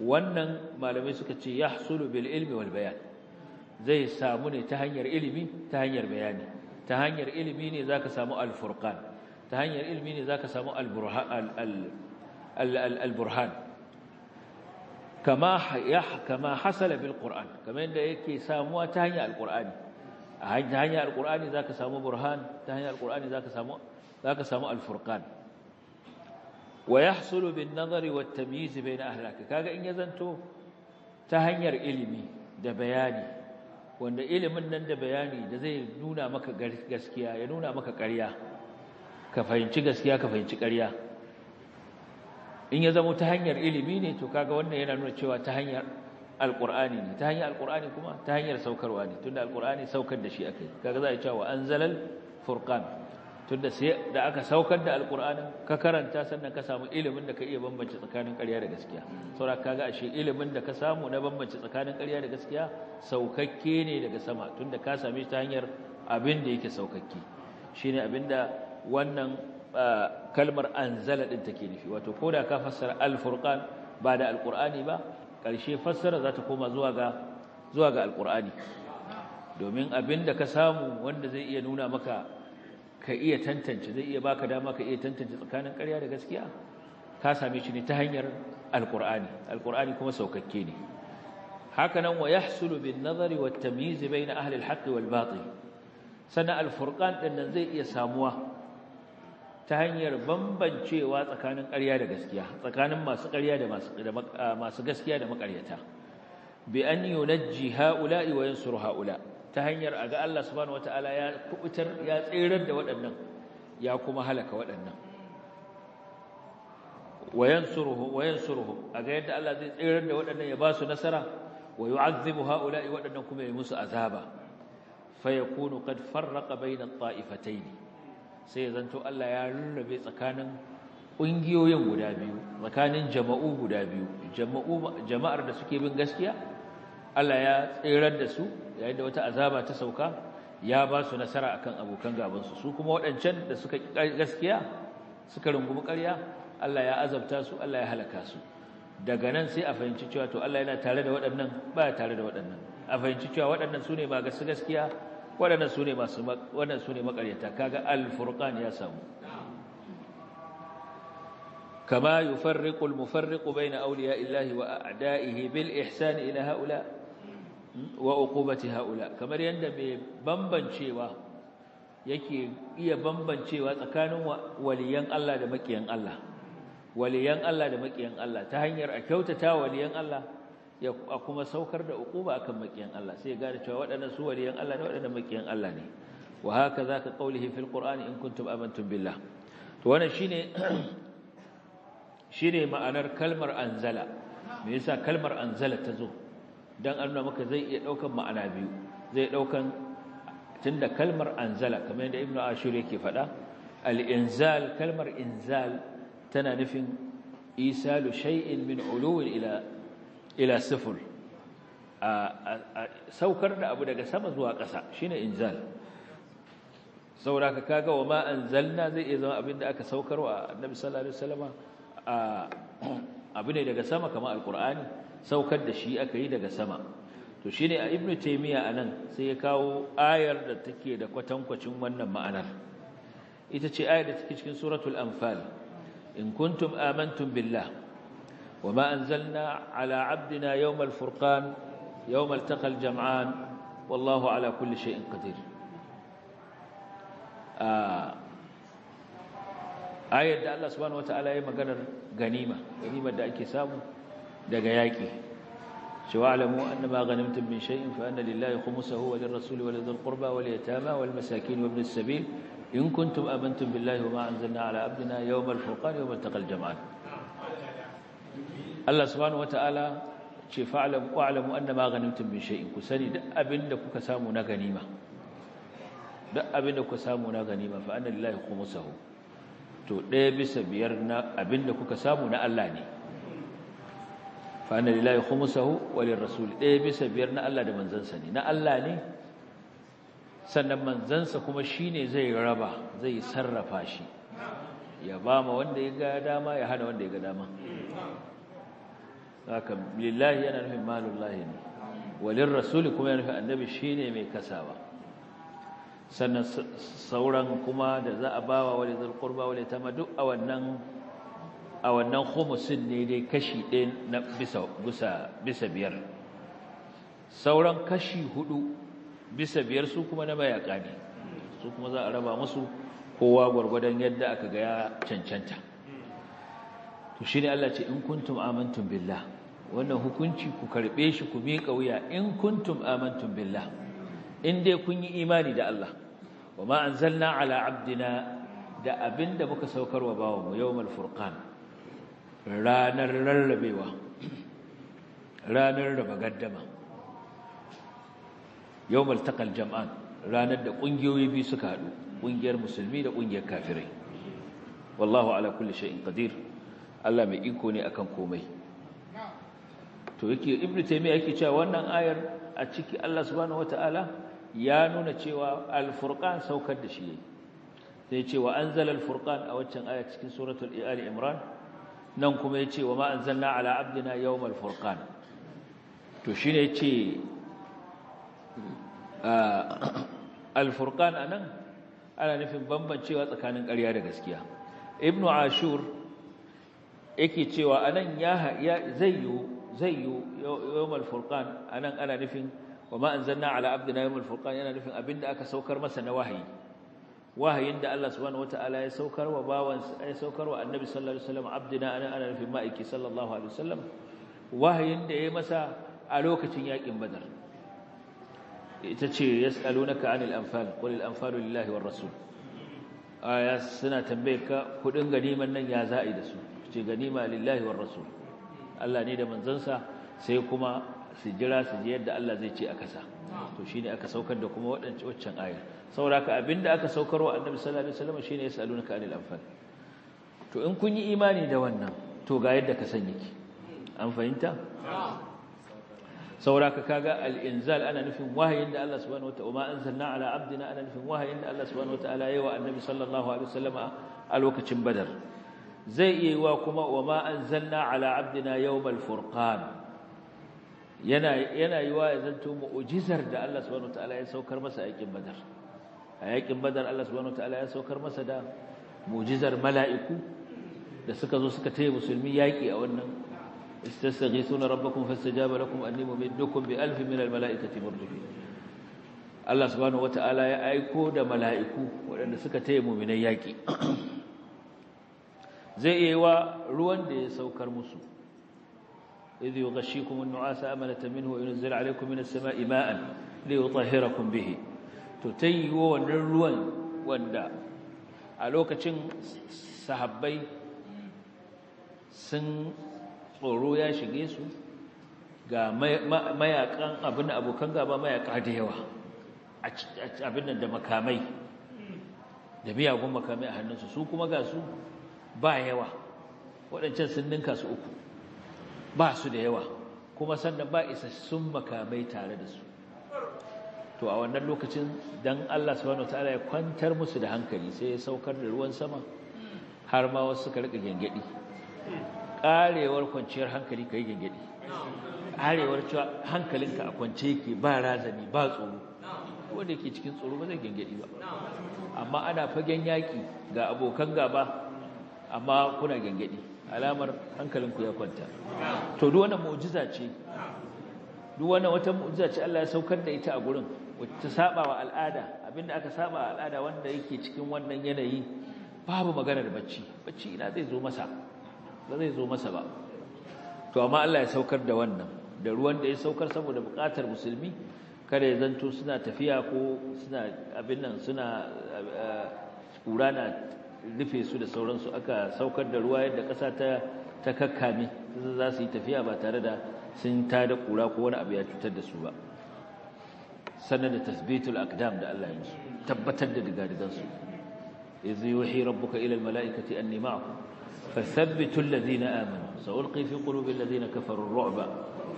wannan malamai suka ce ya yahsulu bil ilmi wal bayan zai samu ne ta hanyar ilimi ta hanyar bayani ta hanyar ilimi ne zaka samu al furqan ta hanyar ilimi ne zaka samu al burhan kama kama hasala bil qur'an kamar yadda yake samuwa ta hanyar al qur'ani a hanyar al qur'ani zaka samu burhan ta hanyar al qur'ani zaka samu zaka samu al furqan wa yahsulu bin nazari wat tamyiz bayna kaga in ya zanto ta hanyar ilimi da bayani wanda ilimin nan da bayani da zai nuna maka gaskiya ya nuna maka ƙarya ka fahimci gaskiya ka fahimci ƙarya in ya zama ta hanyar ilimi ne to kaga wannan yana nuna cewa ta hanyar alqur'ani ne ta hanyar alqur'ani kuma ta hanyar saukarwa ne tunda alqur'ani saukar da shi akai kaga za a cewa anzalal furqan tunda sai da aka saukar da alkur'anin ka karanta sannan ka samu ilimin da ka iya bambance tsakanin ƙarya da gaskiya saura kaga ashe ilimin da ka samu na bambance tsakanin ƙarya da gaskiya saukakke ne daga sama tunda ka same shi ta hanyar abin da yake saukakke shine abin da wannan kalmar anzala din take nufi wato koda ka fassara alfurqan ba da alkur'ani ba Karshe fassara za ta koma zuwa ga zuwa ga alkur'ani domin abin da ka samu wanda zai iya nuna maka ka iya tantance zai iya baka dama ka iya tantance tsakanin ƙarya da gaskiya ka same shi ne ta hanyar Alƙur'ani. Alƙur'ani kuma saukakke ne haka nan wa yahsulu bin nazari wat tamyiz bayna ahli al-haqq wal batil sana din nan zai iya samuwa ta hanyar bambancewa tsakanin ƙarya da gaskiya tsakanin masu ƙarya da masu gaskiya da maƙaryata bi an yunajji ha'ula'i wa yansuru ha'ula ta hanyar a ga Allah subhanahu wataala ya kubutar ya tserar da waɗannan ya kuma halaka waɗannan wayansuruhu wayansuruhu a ga yadda Allah zai tserar da waɗannan ya ba su nasara wa yu'azzibu haula'i waɗannan kuma ya musu azaba fayakunu qad farraqa bayna at-ta'ifatayn sai zanto Allah ya rarrabe tsakanin ƙungiyoyin guda biyu tsakanin jama'u guda biyu jama'ar da suke bin gaskiya Allah ya tsirar da su yayin da wata azaba ta sauka ya ba su nasara akan abokan gabansu su kuma waɗancan da suka gaskiya suka rungumi ƙarya Allah ya azabta su Allah ya halaka su daga nan sai a fahimci cewa to Allah yana tare da waɗannan ba tare da waɗannan a fahimci cewa waɗannan su ne ba gasu gaskiya waɗannan su ne masu waɗannan su makaryata kaga al-furqan ya samu kama yufarriqu al-mufarriqu bayna awliya illahi wa a'da'ihi bil ihsan ila ha'ula' Hmm? wa uqubati haula kamar yanda mai bambancewa yake iya bambancewa tsakanin waliyan Allah da makiyan Allah waliyan Allah da makiyan Allah ta hanyar a kyautata waliyan Allah ya kuma saukar da uquba akan makiyan Allah sai gane cewa waɗannan su waliyan Allah ne waɗannan makiyan Allah ne wa haka zaka qaulihi fil qur'an in kuntum amantum billah to wannan shine [clears throat] shine ma'anar kalmar anzala me yasa kalmar anzala ta zo dan an nuna maka zai iya ɗaukan ma'ana biyu zai daukan tunda kalmar anzala kamar yadda ibnu ashur yake faɗa al-inzal kalmar inzal tana nufin isalu shay'in min ulul ila ila sifr a saukar da abu daga sama zuwa ƙasa shine inzal Saura ka kaga wa ma anzalna zai iya zama abin da aka saukar wa annabi sallallahu alaihi wasallama abu ne daga sama kamar Alƙur'ani. saukar da shi aka yi daga sama to shine a ibnu a anan sai ya kawo ayar da take da kwatankwacin wannan ma'anar ita ce ayar da take cikin suratul anfal in kuntum amantum billah wama anzalna ala abdina yawmal furqan yawmal taqal jam'an wallahu ala kulli shay'in qadir ayar da Allah subhanahu wataala ya maganar ganima ganimar da ake samu daga yaƙi cewa alamu anna ma ghanimtum min shay'in fa anna lillahi khumsahu wa lirrasuli wa lidhil qurba wal yatama wal masakin wa ibn sabil in kuntum amantum billahi wa ma anzalna ala abdina yawm al-furqan yawm al-taqal jam'an Allah subhanahu wa ta'ala ce fa'alamu alamu anna ma ghanimtum min shay'in ku duk abinda kuka samu na ganima duk abinda kuka samu na ganima fa anna lillahi khumsahu to ɗaya bisa biyar na abinda kuka samu na Allah ne fa anna lillahi khumsahu wa lirrasul ɗaya bisa biyar na Allah da manzansa ne na Allah ne sannan manzansa kuma shine zai raba zai sarrafa shi ya bama wanda ya ga dama ya hana wanda ya ga dama haka lillahi yana nufin malullahi ne walin rasuli kuma yana nufin annabi shine mai kasawa sannan sauran kuma da za a bawa wale zalqurba wale tama duk a wannan a wannan homosin ne dai kashi ɗaya na bisa bisa bisa biyar sauran kashi hudu bisa biyar su kuma na mayaka ne su kuma za a raba musu kowa gwargwadon yadda aka gaya cancanta to shi ne Allah ce in kuntum amantum billah wannan hukunci ku karɓe shi ku miƙa wuya in kuntum amantum billah in dai kun yi imani da Allah wa ma anzalna ala abdina da abinda muka saukarwa bawo mu yawmal furqan ranar rarrabewa ranar raba gaddama yau maltakal jam'an ranar da ƙungiyoyi biyu suka haɗu ƙungiyar musulmi da ƙungiyar kafirai wallahu ala kulli shay'in ƙadir. Allah mai iko ne akan komai to yake ibnu taymiya yake cewa wannan ayar a ciki Allah subhanahu wataala ya nuna cewa al-furqan saukar da shi sai cewa anzala al-furqan a waccan ayar cikin suratul ali imran nan kuma ya ce wa ma anzalna ala abdina yawmal furqan to shi ne ce alfurkan furqan anan ana nufin bambancewa tsakanin ƙarya da gaskiya Ibn ashur yake cewa anan ya zai yiwu zai yiwu yawmal furqan anan ana nufin wa ma anzalna ala abdina yawmal furqan yana nufin abinda aka saukar masa na wahayi wahayin da Allah subhanahu wataala ya saukar wa bawansa ya saukar wa annabi sallallahu alaihi wasallam abdina ana ana nufin ma'aiki sallallahu alaihi wasallam wahayin da ya masa a lokacin yakin badar ita ce yas'alunaka anil anfal qul al anfalu lillahi war rasul aya suna tambaye ka kudin ganiman nan ya za'i da su ce ganima lillahi war rasul Allah ne da manzansa sai kuma su jira su ji yadda Allah zai ce a kasa to shine aka saukar da kuma waɗancan waccan ayar. saboda ka abinda aka saukar saukarwa annabi sallallahu alaihi wasallam shine yasalunaka anil anfal to in kun yi imani da wannan to ga yadda ka san yake an fahimta saboda ka kaga al-inzal ana nufin wahayin da Allah subhanahu wa ma anzalna ala abdina ana nufin wahayin da Allah subhanahu wataala yayi wa annabi sallallahu alaihi wasallama a lokacin badar zai iya wa kuma wa ma anzalna ala abdina yawmal furqan yana yana yiwa ya zanto mu'jizar da Allah subhanahu wataala ya saukar masa a yakin badar a aikin badar Allah subhanahu wataala ya saukar masa da mu'jizar mala'iku da suka zo suka taya musulmi yaki a wannan istastaghithuna rabbakum fastajaba lakum anni mumiddukum bi alfin min almala'ikati murdifin Allah subhanahu wataala ya aiko da mala'iku waɗanda suka taya mu'minai yaki zai iya wa ruwan da ya saukar musu إذ يغشيكم النعاس أمنة منه وينزل عليكم من السماء ماء ليطهركم به تتيه ونرون وندا ألوكة sahabbai sun tsoro ya shige su ga mayakan abin abokan gaba mayaka da yawa abin da makamai da miyagun makamai a hannunsu su kuma ga su ba yawa waɗancan sun ninka su uku ba su da yawa kuma sannan ba isa sun makamai tare da su to a wannan lokacin don Allah subhanahu ta'ala ya kwantar musu da hankali sai ya saukar da ruwan sama har ma wasu suka rika gengedi karewar kwanciyar hankali kai gengedi arewar cewa hankalinka a kwance yake ba razani ba tsoro wanda yake cikin tsoro ba zai gengedi ba amma ana fagen yaƙi ga abokan gaba amma kuna gengedi alamar hankalinku ya kwanta to duk wannan mu'jiza ce duk wannan wata mu'jiza ce Allah ya saukar da ita a gurin wacce saba wa al'ada abinda aka saba wa al'ada wanda yake cikin wannan yanayi babu maganar bacci bacci ina zai zo masa ba zai zo masa ba to amma Allah ya saukar da wannan da ruwan da ya saukar saboda buƙatar musulmi kada ya zanto suna tafiya ko suna abin nan suna eh, ƙura na rufe su da sauransu aka saukar da ruwa yadda ƙasa ta ta kakkame za su yi tafiya ba tare da sun tada kura ko wani abu ya cutar da su ba sannan da tasbitul akdam da Allah ya musu tabbatar da digadigan su iz yuhi rabbuka ila almalaikati anni ma'akum fasabbitu alladhina amanu sa'ulqi fi qulubi alladhina kafaru ar-ru'ba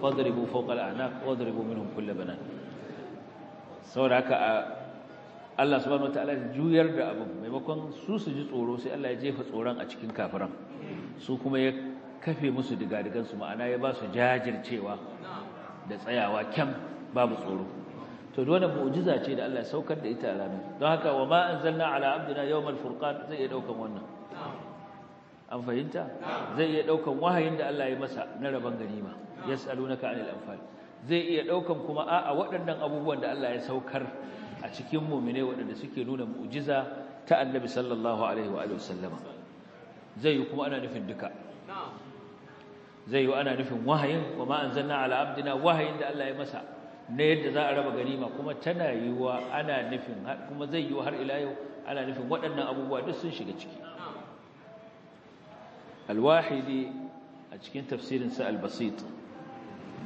fadribu fawqa al-a'naq wadribu minhum kull sau da haka a. Allah subhanahu wataala ya juyar da abin maimakon su su ji tsoro sai Allah ya jefa tsoron a cikin kafiran su kuma ya kafe musu digadigansu su ma'ana ya ba su jajircewa da tsayawa kyam babu tsoro to dole mu'jiza ce da Allah ya saukar da ita a ranar don haka wa ma anzalna ala abdina yawmal furqan zai iya daukan wannan an fahimta zai iya daukan wahayin da Allah ya masa na rabon ganima yas'alunaka anil anfal zai iya daukan kuma a'a waɗannan abubuwan da Allah ya saukar a cikin muminai waɗanda suke nuna mu'jiza ta annabi sallallahu alaihi wa alihi wasallama zai yi kuma ana nufin duka zai yi ana nufin wahayin wa ma anzalna ala abdina wahayin da Allah ya masa na yadda za a raba ganima kuma tana yiwa ana nufin kuma zai yi har ila yau ana nufin waɗannan abubuwa duk sun shiga ciki alwahidi a cikin tafsirin tafsirinsa albasit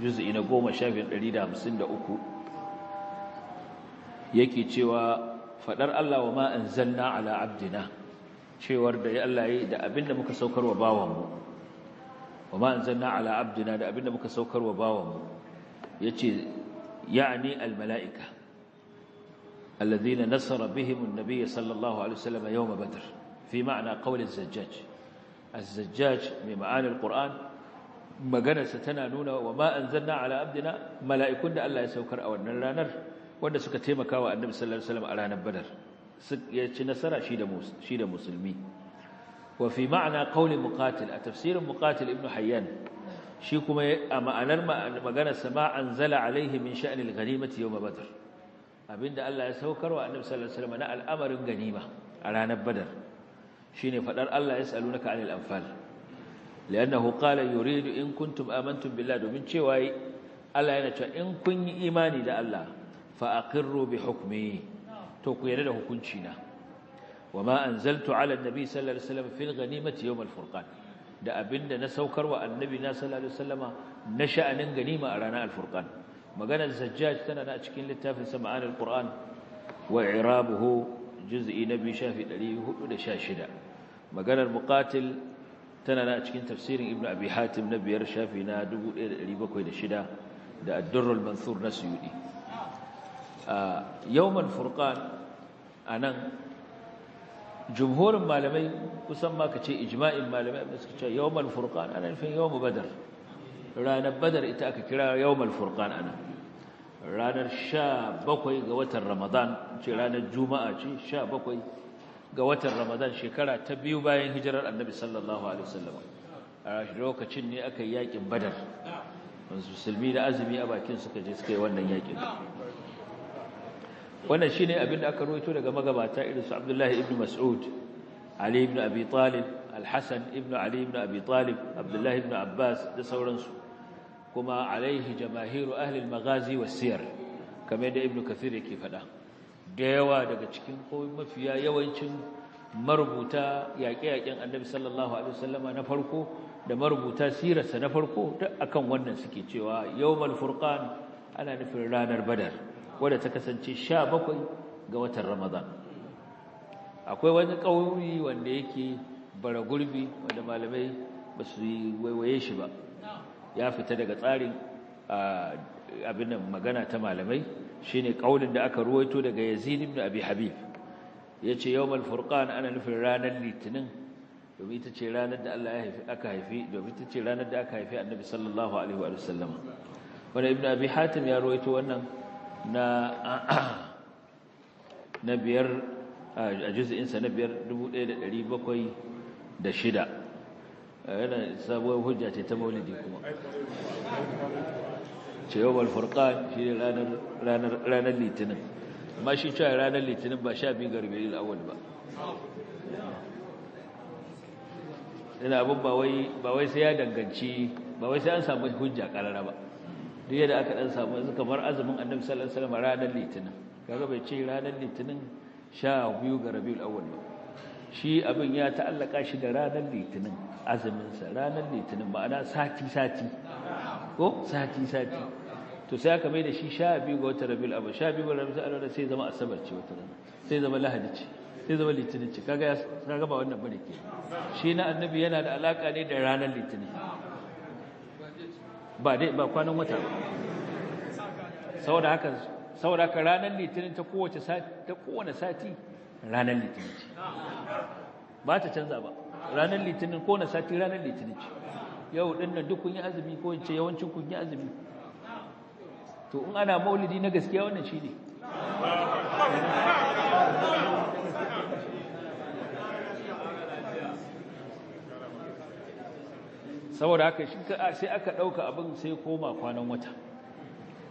juz'i na goma shafin ɗari da hamsin da uku yake cewa fadar Allah wa ma anzalna ala abdina cewar da Allah yi da abinda muka saukar wa bawanmu wa ma anzalna ala abdina da abinda muka saukar saukarwa bawanmu yace ya'ni al mala'ika alladhina nasara bihim an ya sallallahu alaihi wasallam yawm badr fi ma'ana qawl az-zajjaj az mai ma'anar ƙur'an maganarsa tana nuna wa ma anzalna ala abdina mala'ikun da Allah ya saukar a wannan ranar wanda suka taimaka wa annabi sallallahu alaihi wasallam a ranar badar ya ci nasara shi da shi da musulmi wa fi ma'ana qawli muqatil a tafsirin muqatil ibn hayyan shi kuma a ma'anar maganar sa anzala alaihi min sha'ni al-ghanimati yawm badar. abinda Allah ya saukar wa annabi sallallahu alaihi wasallam na al'amarin ganima a ranar badar shine fadar Allah yas'alunaka anil anfal لأنه قال يريد in كنتم آمنتم بالله domin cewa Allah yana cewa in kun yi imani da Allah fa aqirru bi hukmi to ku yarda da hukunci na wama anzaltu ala annabi sallallahu alaihi wasallam fil ghanimati yawm al da abinda na saukar wa annabi na sallar alaihi na sha'anin ganima a ranar al maganar zajjaj tana na cikin littafin sama'an al qur'an wa i'rabuhu juz'i nabi shafi 416 maganar muqatil tana na cikin tafsirin ibnu abi hatim na biyar shafi na 1706 da ad mansur na suyudi Ah, yawmal furqan anan jumhurin malamai kusan ma kace ijma'in malamai abin suka ce yawmal furqan anan fin yawm badar ranar badar ita aka kira yawmal furqan anan ranar 17 ga watan ramadan ce ranar juma'a ce 17 ga watan ramadan shekara ta biyu bayan hijirar annabi sallallahu alaihi wasallam a lokacin ne aka yi yakin badar musulmi da azumi a bakin suka je suka yi wannan yakin wannan shine abin da aka rawaito daga magabata irin su Abdullahi ibn Mas'ud Ali ibn Abi Talib Al-Hasan ibn Ali ibn Abi Talib Abdullahi ibn Abbas da sauransu kuma alaihi jamahiru ahli al-maghazi siyar kamar da Ibn Kathir yake faɗa da yawa daga cikin ko mafiya yawancin marubuta yaƙe-yaƙen Annabi sallallahu alaihi wasallama na farko da marubuta sirarsa na farko duk akan wannan suke cewa yawmal furqan ana nufin ranar badar wadda ta kasance sha bakwai ga watan ramadan akwai wani ƙauri wanda yake bara gurbi wanda malamai ba su yi waiwaye shi ba ya fita daga tsarin abin magana ta malamai Shi ne ƙaunin da aka ruwaito daga yazid ibn abi habib yace yawmal furqan ana nufin ranar litinin domin ita ce ranar da Allah aka haifi domin ita ce ranar da aka haifi annabi sallallahu alaihi wa sallama ibn abi hatim ya ruwaito wannan na [clears throat] na biyar a juz'insa na biyar 1706 yana sabuwar hujja ce ta maulidi kuma ce yau balfurkan shi ne ranar litinin ma shi cewa ranar litinin ba sha biyu ga rubelil awal ba ina abubuwa ba wai sai ya danganci ba wai sai an samu hujja karara ba duk yadda aka dan samu yanzu kamar azumin annabi sallallahu alaihi wasallam ranar litinin kaga bai ce ranar litinin sha biyu ga rabiul awwal ba shi abin ya ta'allaka shi da ranar litinin azumin sa ranar litinin ma'ana sati sati ko sati sati to sai aka mai da shi sha biyu ga wata rabiul awwal sha biyu ga rabiul awwal sai zama asabar ce wata rana sai zama lahadi ce sai zama litinin ce kaga kaga ba wannan bane ke shi na annabi yana da alaka ne da ranar litinin ba dai ba kwanan wata saboda haka saboda haka ranar litinin ta kowace sati ta kowane sati ranar litinin ce ba ta canza ba ranar litinin kowane sati ranar litinin ce yau din nan duk kun yi azumi ko in ce yawancin kun yi azumi to in ana maulidi na gaskiya wannan shine saboda haka sai aka ɗauka abin sai koma kwanan wata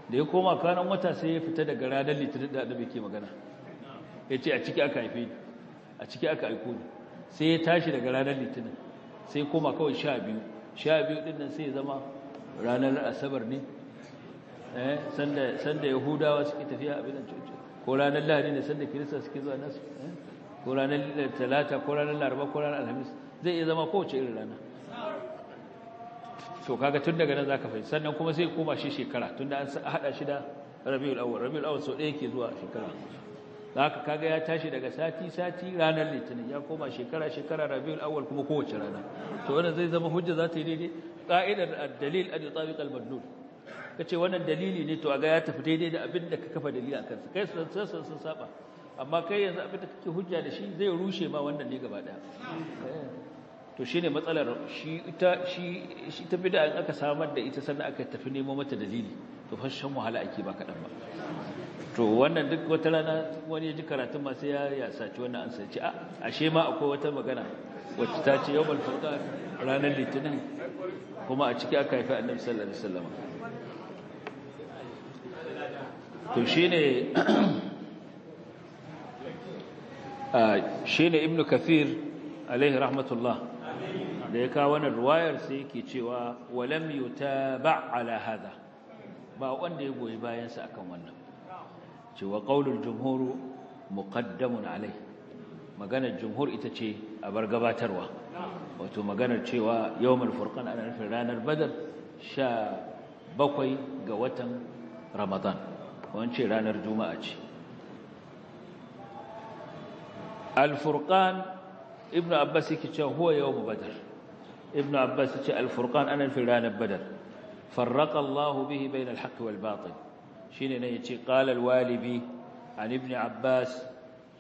da ya koma kwanan wata sai ya fita daga ranar litinin da annabi ke magana ya ce a ciki aka haife ni a ciki aka aiko ni sai ya tashi daga ranar litinin sai koma kawai sha biyu sha biyu ɗin nan sai ya zama ranar asabar ne eh, sanda yahudawa suke tafiya a da coci ko ranar lahari ne sanda kirista suke zuwa nasu eh? ko ranar talata ko ranar laraba ko ranar alhamis zai iya zama kowace irin rana to kaga tun daga nan zaka fahimci sannan kuma sai koma shi shekara tunda an hada shi da Rabiul Awwal Rabiul Awwal so ɗaya yake zuwa shekara haka kaga ya tashi daga sati sati ranar litinin ya koma shekara shekara Rabiul Awwal kuma kowace rana to wannan zai zama hujja za ta yi daidai qa'idar ad-dalil an yutabiq al-madlul kace wannan dalili ne to aga ya tafi daidai da abin da ka kafa dalili akan sa kai sun sun saba amma kai yanzu abin da kake hujja da shi zai rushe ma wannan ne gaba daya to shi ne matsalar shi ta bid'a in aka samar da ita sannan aka tafi nemo mata dalili to fashin wahala ake ba kaɗan ba to wannan duk wata rana wani ya ji karatun masu sai ya ya saci wannan an saci a ah, ashe ma akwai wata magana wacce ta ce yawmal furqan ranar litinin kuma a ciki aka haifi annabi sallallahu alaihi wasallam to shine [clears throat] shine ibnu kathir alaihi rahmatullah da ya kawo wannan ruwayar sai yake cewa walam yutaba ala hada ba wanda ya goyi bayan sa akan wannan cewa qaulul jumhur muqaddamun alai maganar jumhur ita ce a bar gabatarwa wato maganar cewa yawmul furqan ana nufin ranar badar sha bakwai ga watan ramadan wance ranar juma'a ce al furqan ibnu abbas yake cewa huwa yawmul badar ابن عباس الفرقان أنا الفران البدر فرق الله به بين الحق والباطل شنو نيتي قال الوالبي عن ابن عباس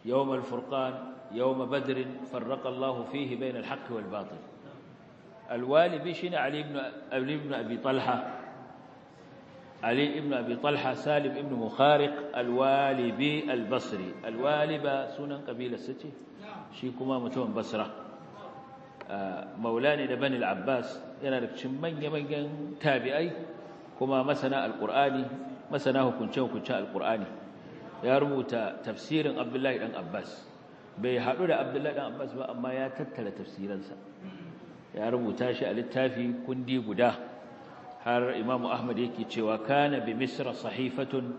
يوم الفرقان يوم بدر فرق الله فيه بين الحق والباطل الوالبي شنو علي ابن علي ابن ابي طلحه علي ابن ابي طلحه سالم ابن مخارق الوالبي البصري الوالبه سنن قبيله ستي نعم شي كما متون بصره maula ne da banil abbas yana da cikin manya-manyan tabi'ai kuma masana alkur'ani masana hukunce-hukunce alkur'ani ya rubuta tafsirin abdullahi ɗan abbas bai haɗu da abdullahi ɗan abbas ba amma ya tattara tafsiransa ya rubuta shi a littafi kundi guda har imamu ahmad yake cewa kana bi misra sahifatun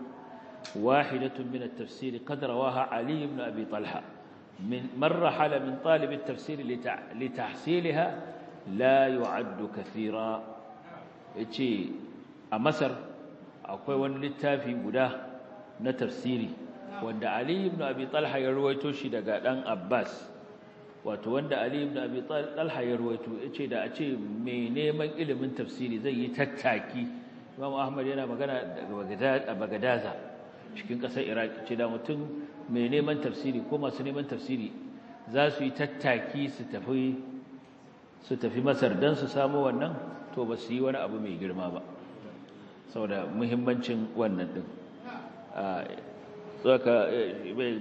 wahidatun min at-tafsir qad rawaha ali ibn abi talha من من رحل من طالب التفسير لتحصيلها لا يعد كثيرا yace a Masar akwai wani littafi guda na tafsiri wanda Ali ibn Abi Talha ya ruwaito shi daga dan Abbas wato wanda Ali ibn Abi Talha ya ruwaito yace da a ce mai neman ilimin tafsiri zai yi tattaki Imam Ahmad yana magana daga Bagadaza cikin ƙasar Iraq ce da mutum mai neman tafsiri ko masu neman tafsiri za su yi tattaki su tafi masar don su samu wannan to ba su yi wani abu mai girma ba Sau da muhimmancin wannan din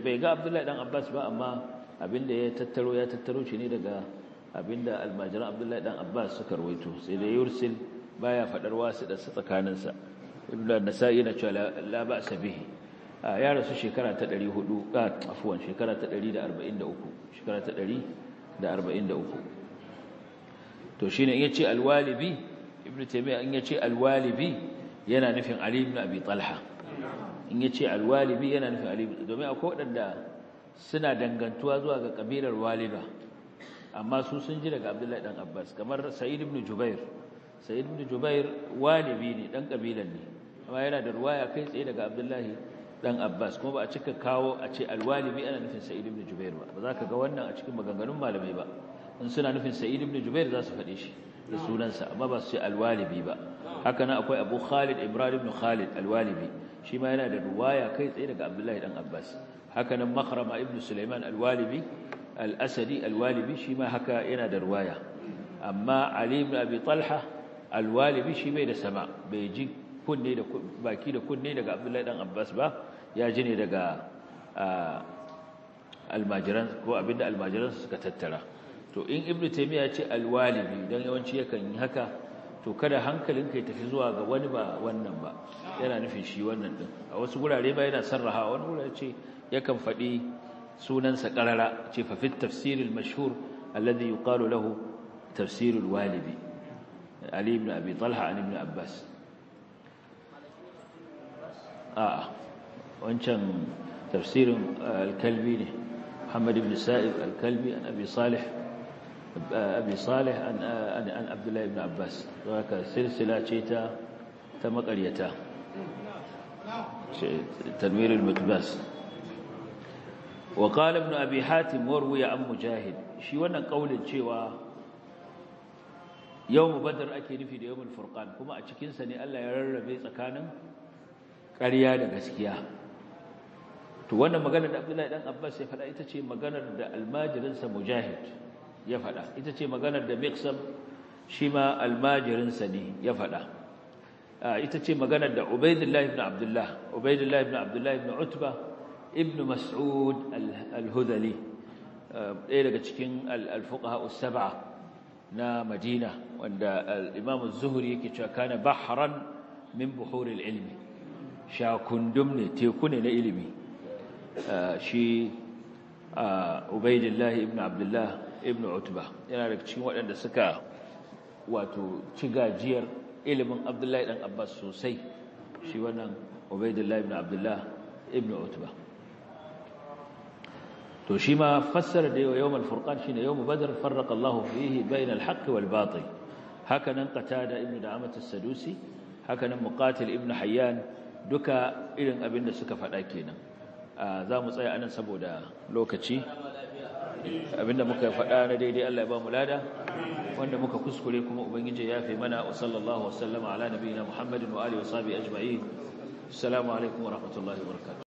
bai ga abdullahi dan abbas ba amma abinda ya tattaro ya tattaro shi ne daga abinda almajiran abdullahi dan abbas suka rawaito sai da yursil baya fadar wasu da tsakaninsa ibn al nasai na cewa la ba'sa bihi ya rasu shekara ta 400 afuwan shekara ta 143 shekara ta 143 to shine in yace alwalibi Ibn taymiya in ce alwalibi yana nufin ali ibn abi talha in yace alwalibi yana nufin ali domin akwai wadanda suna dangantuwa zuwa ga kabilar waliba amma su sun ji daga abdullahi dan abbas kamar sa'id ibn jubair sa'id ibn jubair walibi ne dan kabilar ne amma yana da ruwaya kai tsaye daga abdullahi dan Abbas kuma ba a cika kawo a ce alwalibi ana nufin Sa'id ibn Jubair ba ba za ka ga wannan a cikin maganganun malamai ba in suna nufin Sa'id ibn Jubair za su faɗe shi da sunansa amma ba su ce alwalibi ba haka nan akwai Abu Khalid Ibrahim ibn Khalid alwalibi shi ma yana da ruwaya kai tsaye daga Abdullahi dan Abbas haka nan Makhrama ibn Sulaiman alwalibi al-Asadi alwalibi shi ma haka yana da ruwaya amma Ali ibn Abi Talha alwalibi shi mai da sama bai ji kunne da baki da kunne daga Abdullahi dan Abbas ba ya ji ne daga almajiran ko abinda almajiran suka tattara to in ibnu taymiya ya ce alwalimi dan yawanci yakan yi haka to kada hankalinka ya tafi zuwa ga wani ba wannan ba yana nufin shi wannan din a wasu gurare ba yana sarraha wani gurare ce yakan faɗi sunansa ƙarara ce fa fit tafsiril mashhur alladhi yuqalu lahu tafsirul walidi ali ibn abi talha ibn abbas A'a, wancan tafsirin alkalbi ne Muhammad ibn Sa'ib alkalbi an Abi Salih Abi Salih an an Abdullah ibn Abbas haka silsila ce ta ta makaryata تنوير المكباس وقال ابن أبي حاتم وروي عن مجاهد shi wannan kaulin cewa yawm badr ake nufi da yawmul furqan kuma a cikin sa ne Allah ya rarrabe tsakanin ƙarya da gaskiya to wannan maganar da Abdullahi dan Abbas ya faɗa ita ce maganar da almajirinsa Mujahid ya faɗa ita ce maganar da Miqsam shi ma almajirinsa ne ya faɗa ita ce maganar da Ubaidullah ibn Abdullah Ubaidullah ibn Abdullah ibn Utba ibn Mas'ud al-Hudali ɗaya daga cikin al-fuqaha as-sab'a na Madina wanda al-Imam az-Zuhri yake cewa kana bahran min buhuril ilmi shakundum ne teku ne na ilimi uh, shi uh, ubaidillah ibn abdullah ibn utba yana daga cikin waɗanda suka wato ci gajiyar ilimin abdullahi dan abbas sosai shi wannan ubaidillah ibn abdullah ibn utba to shi ma fassara da yawmal furqan shine yawm badr farraqa Allah fihi bayna al-haqq wal batil hakanan qatada ibn da as-sadusi hakanan muqatil ibn hayyan duka irin abin da suka faɗa kenan za mu tsaya anan saboda lokaci abinda muka faɗa na daidai Allah ya ba mu lada wanda muka kuskure kuma ubangiji ya fi mana wa sallallahu wa sallama ala nabiyina muhammadin wa alihi wa sahbihi ajma'in assalamu alaikum wa rahmatullahi wa barakatuh